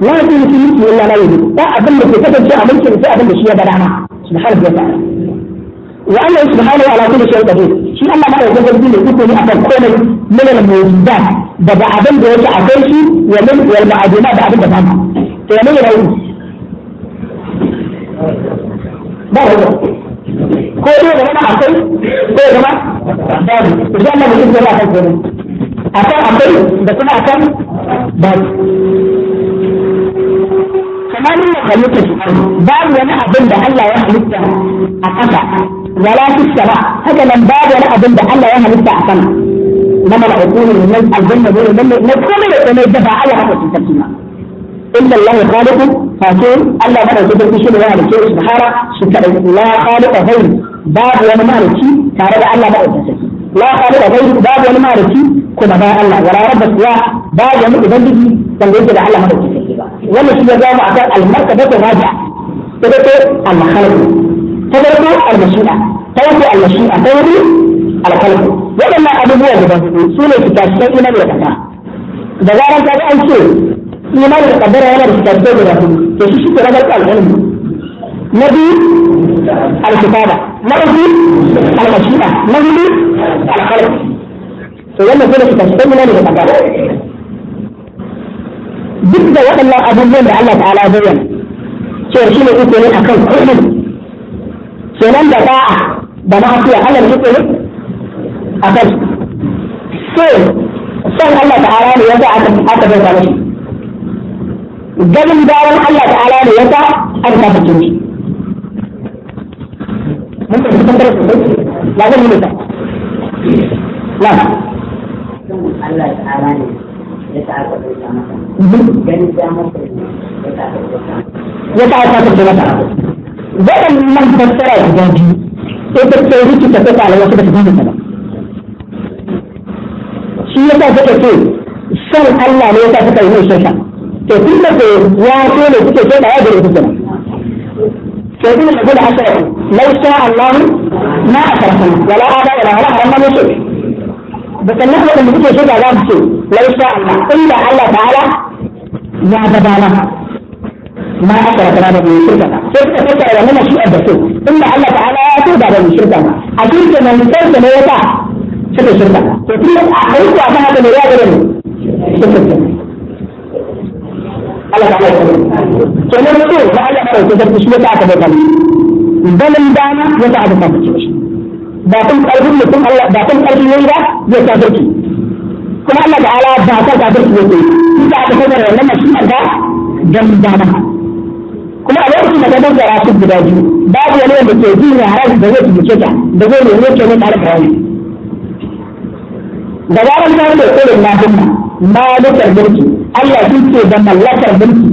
A: la yi su mulki illa la yi ba abin da ke kasance a mulkin sai abin da shi ya ga dama subhanahu wa ta'ala wa Allah subhanahu ala kulli shay'in qadir shi Allah ma yake gurbi ne duk ne akan komai min al mawjudat daga abin da yake kai shi wa min wal ma'aduna da abin da ba to yana yi ba ko ko ne da mana akwai
B: ko da ma ba ku
A: da Allah mutum ya ba kan komai akan akwai da kuma akan ba tsakanin mu halitta su babu wani abin da Allah ya halitta a ƙasa wala fi sama haka nan babu wani abin da Allah ya halitta a sama na a ne na aljanna ne na komai da komai da ba Allah haka su sarki ma wannan shi ya zama a kan almartaba da raja ta zato alhalku ta zato almashi'a ta wato almashi'a ta wato alhalku waɗannan abubuwan da ba su ne fitaccen imani da kasa da zaran ka an ce imani da kaddara yana da fitaccen guda hudu to shi shi ke ragar alhalku na biyu alkitaba na uku almashi'a na hudu alhalku to wannan su ne fitaccen imani da kasa duk da waɗannan abubuwan da Allah ta'ala yana, cewa shi ne iko ne akan kullum nan da da'a da ma'asiya Allah ne iko ne akan so son Allah ta'ala ne yasa aka aka bauta mashi ganin bayan Allah ta'ala ne yasa aka kafa kinci mun ta cikin dare sosai ba zan yi ta na Allah ta'ala
B: ne ya ta aiwatar da mata
A: waɗannan fassara gaji. biyu ta ce rikita ta tsara wasu da su ba shi ya sa suka ce son Allah ne ya sa suka yi shaka to tun da ke ya so ne suke ce da ya gare su kenan to tun da gudu asara lau sha Allah ma a karfan wala ada wala wala ne بس بتنحو اللي بيجي شجع لامسه لو شاء الله إلا الله تعالى ما أبدا ما أكره كلامه من شركنا شركة تكره لنا شيء أبسه إلا الله تعالى أتوبى من شركنا أجلت من سلسة ميتا شركة شركة تطلق أخيك وعطانا في مرياد لنا شركة شركة الله تعالى كلمة كلمة تقول ما أعلم أنه تزرد شمتا كبير بل إدانا يتعد فاتح شمتا ba kan karfin mutum Allah ba kan karfin yayi ba ya kafirci kuma Allah da ala ba ta kafirci yake shi ta aka fara wannan mashi'ar da dan dama kuma a lokacin da ka da su guda biyu babu wani wanda ke jin yaran da zai tubuce ta da zai ne ke ne tare da wani da zaran ta da irin na hunna malikar Allah shi ke da mallakar mulki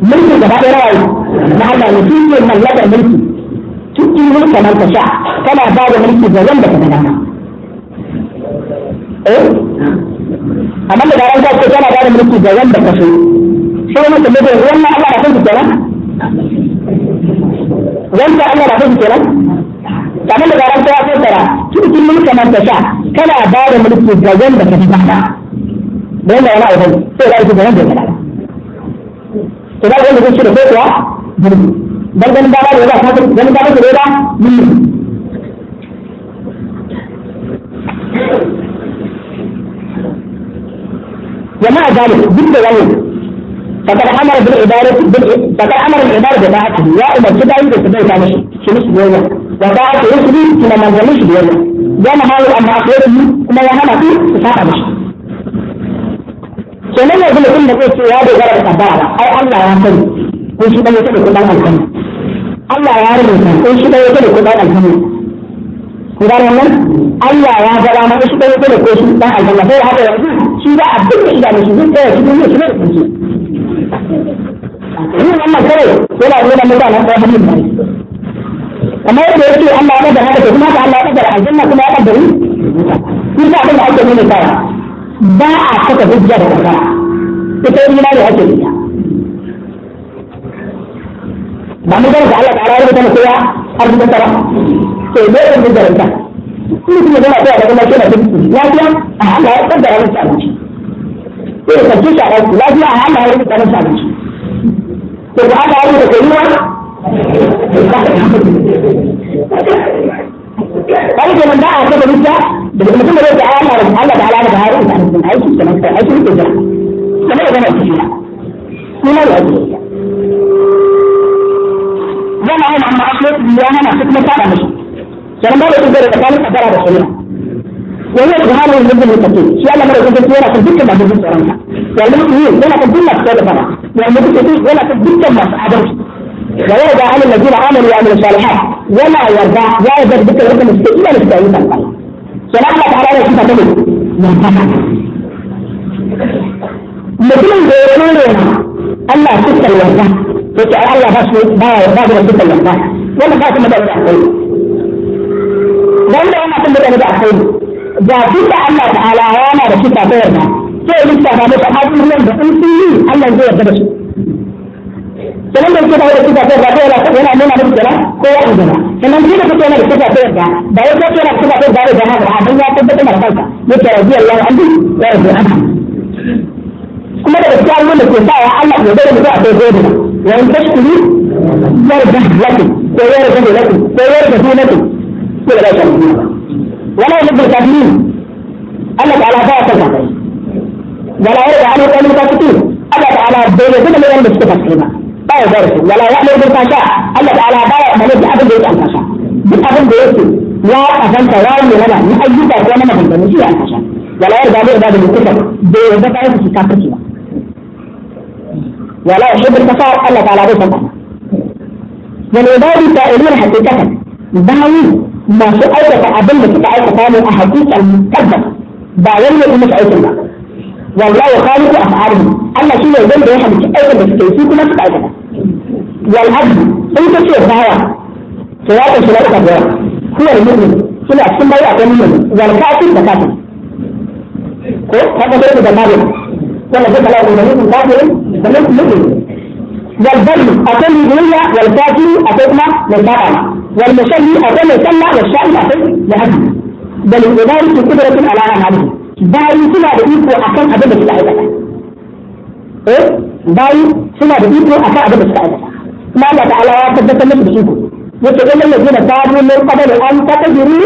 A: mulki gaba ɗaya na Allah ne shi ke mallakar mulki tuki mulka man tasha kana ba da mulki ga wanda ka dama
B: eh amma da ran ka ce kana ba da mulki
A: ga wanda ka so sai mun tambaye wannan Allah da kanka kenan
B: wanda Allah da kanka kenan kamar da ran ka ce tara
A: tuki mulka man tasha kana ba da mulki ga wanda ka dama dan da wani abu sai da shi da wanda ka dama to da wanda ke da kowa بل بني بابا يوضع خاطر بني بابا يوضع مين ومع ذلك جد ذلك فقد امر بالعباده فقد امر العباره بطاعته يا امر كده انت تبين كان شمس شنو وطاعه رسلي كما ما نزلوش بيوم يا نهار ان اخيره كما يا هنا في صحابه مش kenan yanzu mutum da zai ce ya dogara da kaddara ai Allah ko shi da kuɗin alhamdu Allah ya rubuta ko shi kuɗin ku wannan Allah ya faɗa shi ko shi sai haka yanzu shi ba a duk idanu shi zai tsaya cikin shi da mutanen hannun yadda ya ce Allah ya ɗaga haka kuma Allah ya aljanna kuma ya yi abin da ake nuna ba a saka hujja da kasa ita yi na da ake nuna ba da Allah ta'ala ya rubuta masa ya arzikin ta ba to me ya da ta mutum ya zama tsaya da kuma shi na lafiya a Allah ya kaddara masa abinci sai ka ci shaɗa lafiya a Allah ya rubuta masa abinci to ba Allah ya rubuta koyuwa kai ke nan da a kaga rubuta da mutum da zai ta Allah Allah ta'ala da ya rubuta masa aiki da masa aiki da masa kamar da na ci suna ya rubuta yana yin amma ake ya hana su kuma fada musu sanan ba da su da tsakanin kasara da sunna wani da hana yin zubin mutake shi Allah mara kusa yana kan dukkan masu jin tsoron ka yanzu mutum yin yana kan dukkan masu fada yanzu mutum yin yana kan dukkan masu adalci da yau da halin da jira amalu ya amina salihat yana yarda ya yarda dukkan wata mutum da imani da yi sallah sanan Allah ta halaye shi ta tabi mutumin da ya kore Allah sukar yarda yake ai Allah ba su ba ya ba da dukkan lamba wannan ba su da da akwai wanda yana tun da da akwai ga duka Allah ta'ala yana da shi ta yarda sai lissa ba da abubuwan da sun yi Allah zai yarda da su sannan da suka da suka da ba yana yana nuna muku kenan ko ya inda sannan shi da kuke yana da suka da ya kuke yana da suka da da da ha dan ya tabbata da kanka yake radiyallahu anhu wa radiyallahu anhu kuma da gaskiya mun ke sa ya Allah ya bada mutum a kai gobe wa in tashkuru yarda lakum ko yarda lakum ko yarda lakum ko da shi wala yadda kafirin Allah ta'ala ba ta kai wala yarda an kallu kafirin Allah ta'ala bai da dukkan wanda suka fasike ba ba ya bar su wala ya amur fasha Allah ta'ala ba ya amana da abin da yake fasha duk abin da yake ya kafanta ya yi mana ni ayyuka ko na maganganu shi ya fasha wala yarda bai da mutum da yarda ba ya fasika kafirin ولا يحب الكفار يعني الله تعالى بيت الله ولذلك سائلين حقيقة باوي ما شو أيضا لك أيضا ثاني أحاديث المكذبة باوي مش أيضا الله والله خالق أفعالهم أما شو يقول ده يحب أيضا بس كيفية ما تتعيدا والأجل أنت شو باوي سواء شو لا هو المؤمن شو لا شو باوي أقوم والكافر بكافر ko kaga dai da mali wala da kala بنفس مثل والبر أتم بنية والكافر أتتنا للبقرة والمشري أتم سلة والشعب أتم لأجل بل وذلك قدرة على عمله باي سنة بإيكو أكن أبدا في العبادة إيه باي سنة بإيكو أكن أبدا في العبادة ما الله تعالى يثبت لك بإيكو يقول الذين تابوا من قبل أن تقدروا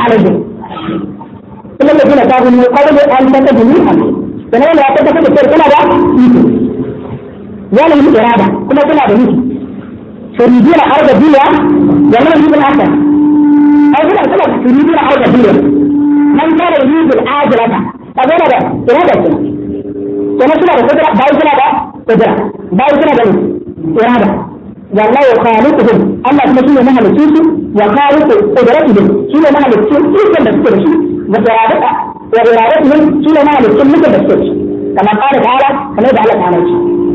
A: عليهم إلا الذين تابوا من قبل أن تقدروا عليهم فنحن لا تتكلم كنا لا إيكو ya lalu irada kuma suna da nufi turidina arda duniya ya lalu yubin a ai suna suna turidina arda duniya man kana yubin ajirata a zana da irada ce kuma suna da kudura bayan suna da kudura bayan suna da irada wallahi khaliquhum Allah kuma shine mahalicin su wa khaliqu qudratuhum shine mahalicin ikon da suke da shi wa iradata wa iradatuhum shine mahalicin mutum da suke da shi kama qala ta'ala kamar da Allah ta'ala ce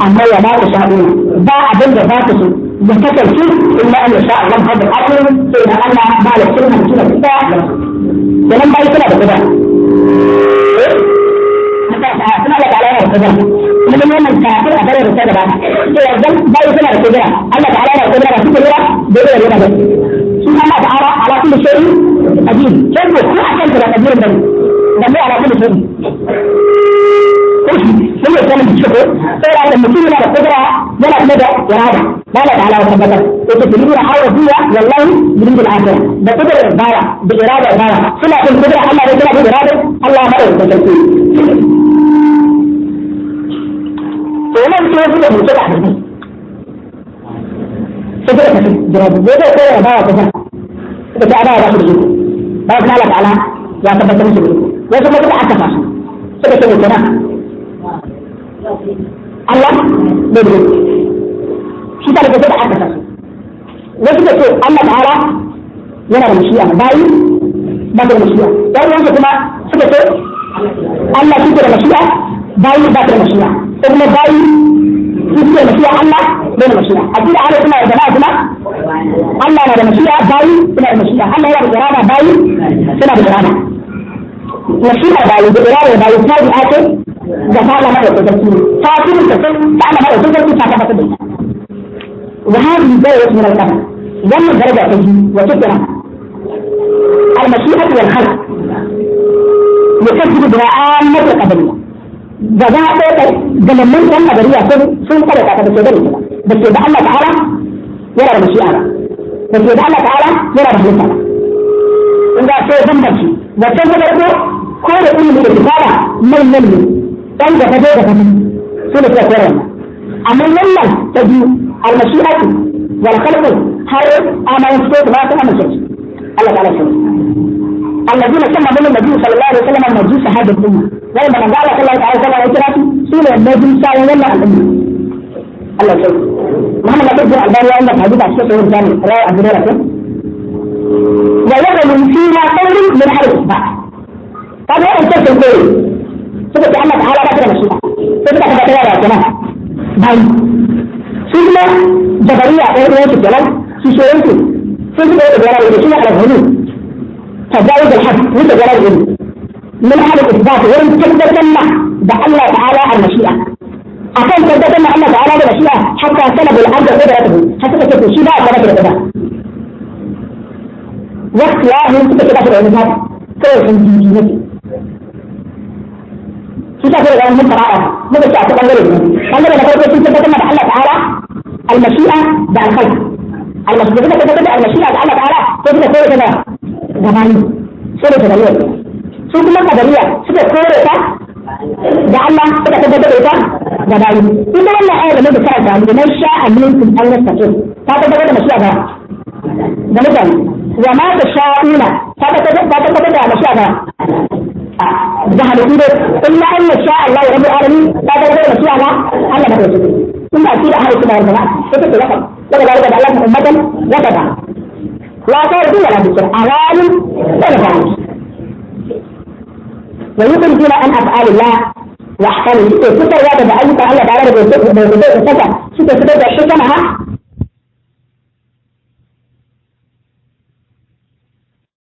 A: amma ya ba ku sha'u ba abin da za ku so ya kasance illa an sha Allah hada akwai sai da Allah ba da sunna kira kuda bai da kuda eh? suna da yana da kuma a da ba sai zan bai da kuda Allah ta'ala da ba da da da Allah ta'ala ala ko da da da ala mun ya sanin cikin sai da mutum yana da kudura yana kuma da irada ba da ta'ala wata bakar ko ta bilu na hawa duniya wallahi bilu da akhir da kudura baya da irada baya suna kan kudura Allah da kudura irada Allah ma da sarki to nan sai su da mutum da hadisi sai da kashi da gobe ko da baya kaza da ta ada da shi ba kuma Allah ta'ala ya tabbatar da shi wasu mutum aka fasu suka ce mutum Allah da ne shi ta da aka sa wasu da ce Allah ta'ala yana da mashiya bayi ba da mashiya dan wanda kuma suka ce Allah shi da mashiya bayi ba da mashiya kuma bayi shi da mashiya Allah da mashiya a cikin Allah kuma da jama'a kuma Allah na da mashiya bayi suna da mashiya Allah yana da irada bayi suna da irada
B: mashiya bayi da irada bayi ta ce da ta
A: alama da sarki ta fi ta sai ta alama da sarki ta kafa da wa hadi da yake mun kana wannan daraja ta ji wa take nan al-mashi'atu wal khalq yakadibu da ammatu qadariya da za a ɗaya da lamman ɗan a sun sun kada ka da ke da da ke da Allah ta'ala yana da mashi'a da ke da Allah ta'ala yana da halitta in ga sai bambanci da can da ko da ilimi da kitaba mai nan ne dan da kaje da kaje su ne suka koyar amma wannan ta biyu almashi'atu wal khalqu har amalan su ba ta amince Allah ta'ala shi الذين سمى من النبي صلى الله عليه وسلم المجوس هذا الأمة ولما من قال صلى الله عليه وسلم وكراته سورة المجوس ولا الأمة الله يسوي محمد عبد الألباني عندك حديث عن الشيخ الثاني رأي أبو هريرة ويغلو فينا قول من حيث بعد طب هو الشيخ الثاني saboda da Allah ta'ala ba ta da shi sai ta kaga tsaya ba kuma bai shi kuma jabariya ko ruwan su kenan shi shoyin su sai su da gara da shi ne alhuru tabawu da hadd ni da gara da shi ne na hada da ba wurin tabbatar ma da Allah ta'ala al-mashi'a akan tabbatar ma Allah ta'ala da shi'a hatta sana bil ardh da ratu hatta ta ce shi ba ta da da wasu ya hin suka da wani ba kawai sun ji ji shi ta kai ga mun fara muka ci a ta bangare ne bangare na farko sun tabbatar da Allah ta'ala al-mashi'a da al-khalq al-mashi'a da tabbatar da al-mashi'a da Allah ta'ala ko suka kore da gabani sai da gabani su kuma kadariya suka kore ta da Allah suka tabbatar da ita da bayi in da wannan ayar da muka karanta ne man sha'a minkum an yastaqim ta tabbatar da mashi'a da da mutane wa ma ta sha'una ta tabbatar da mashi'a da da halittu dai in ya an yasha Allah ya rabu alami ta ga da shi Allah Allah ba ta yi in ba shi da halittu da rabu ita ce zaka daga da da Allah ummatan zaka ba wa ta da dole da shi alalin da ba wa yukhrijuna an af'alillah wa ahkamihi sai fitarwa daga ayyukan Allah da Allah da bai bai saka suka fitar da shi kana ha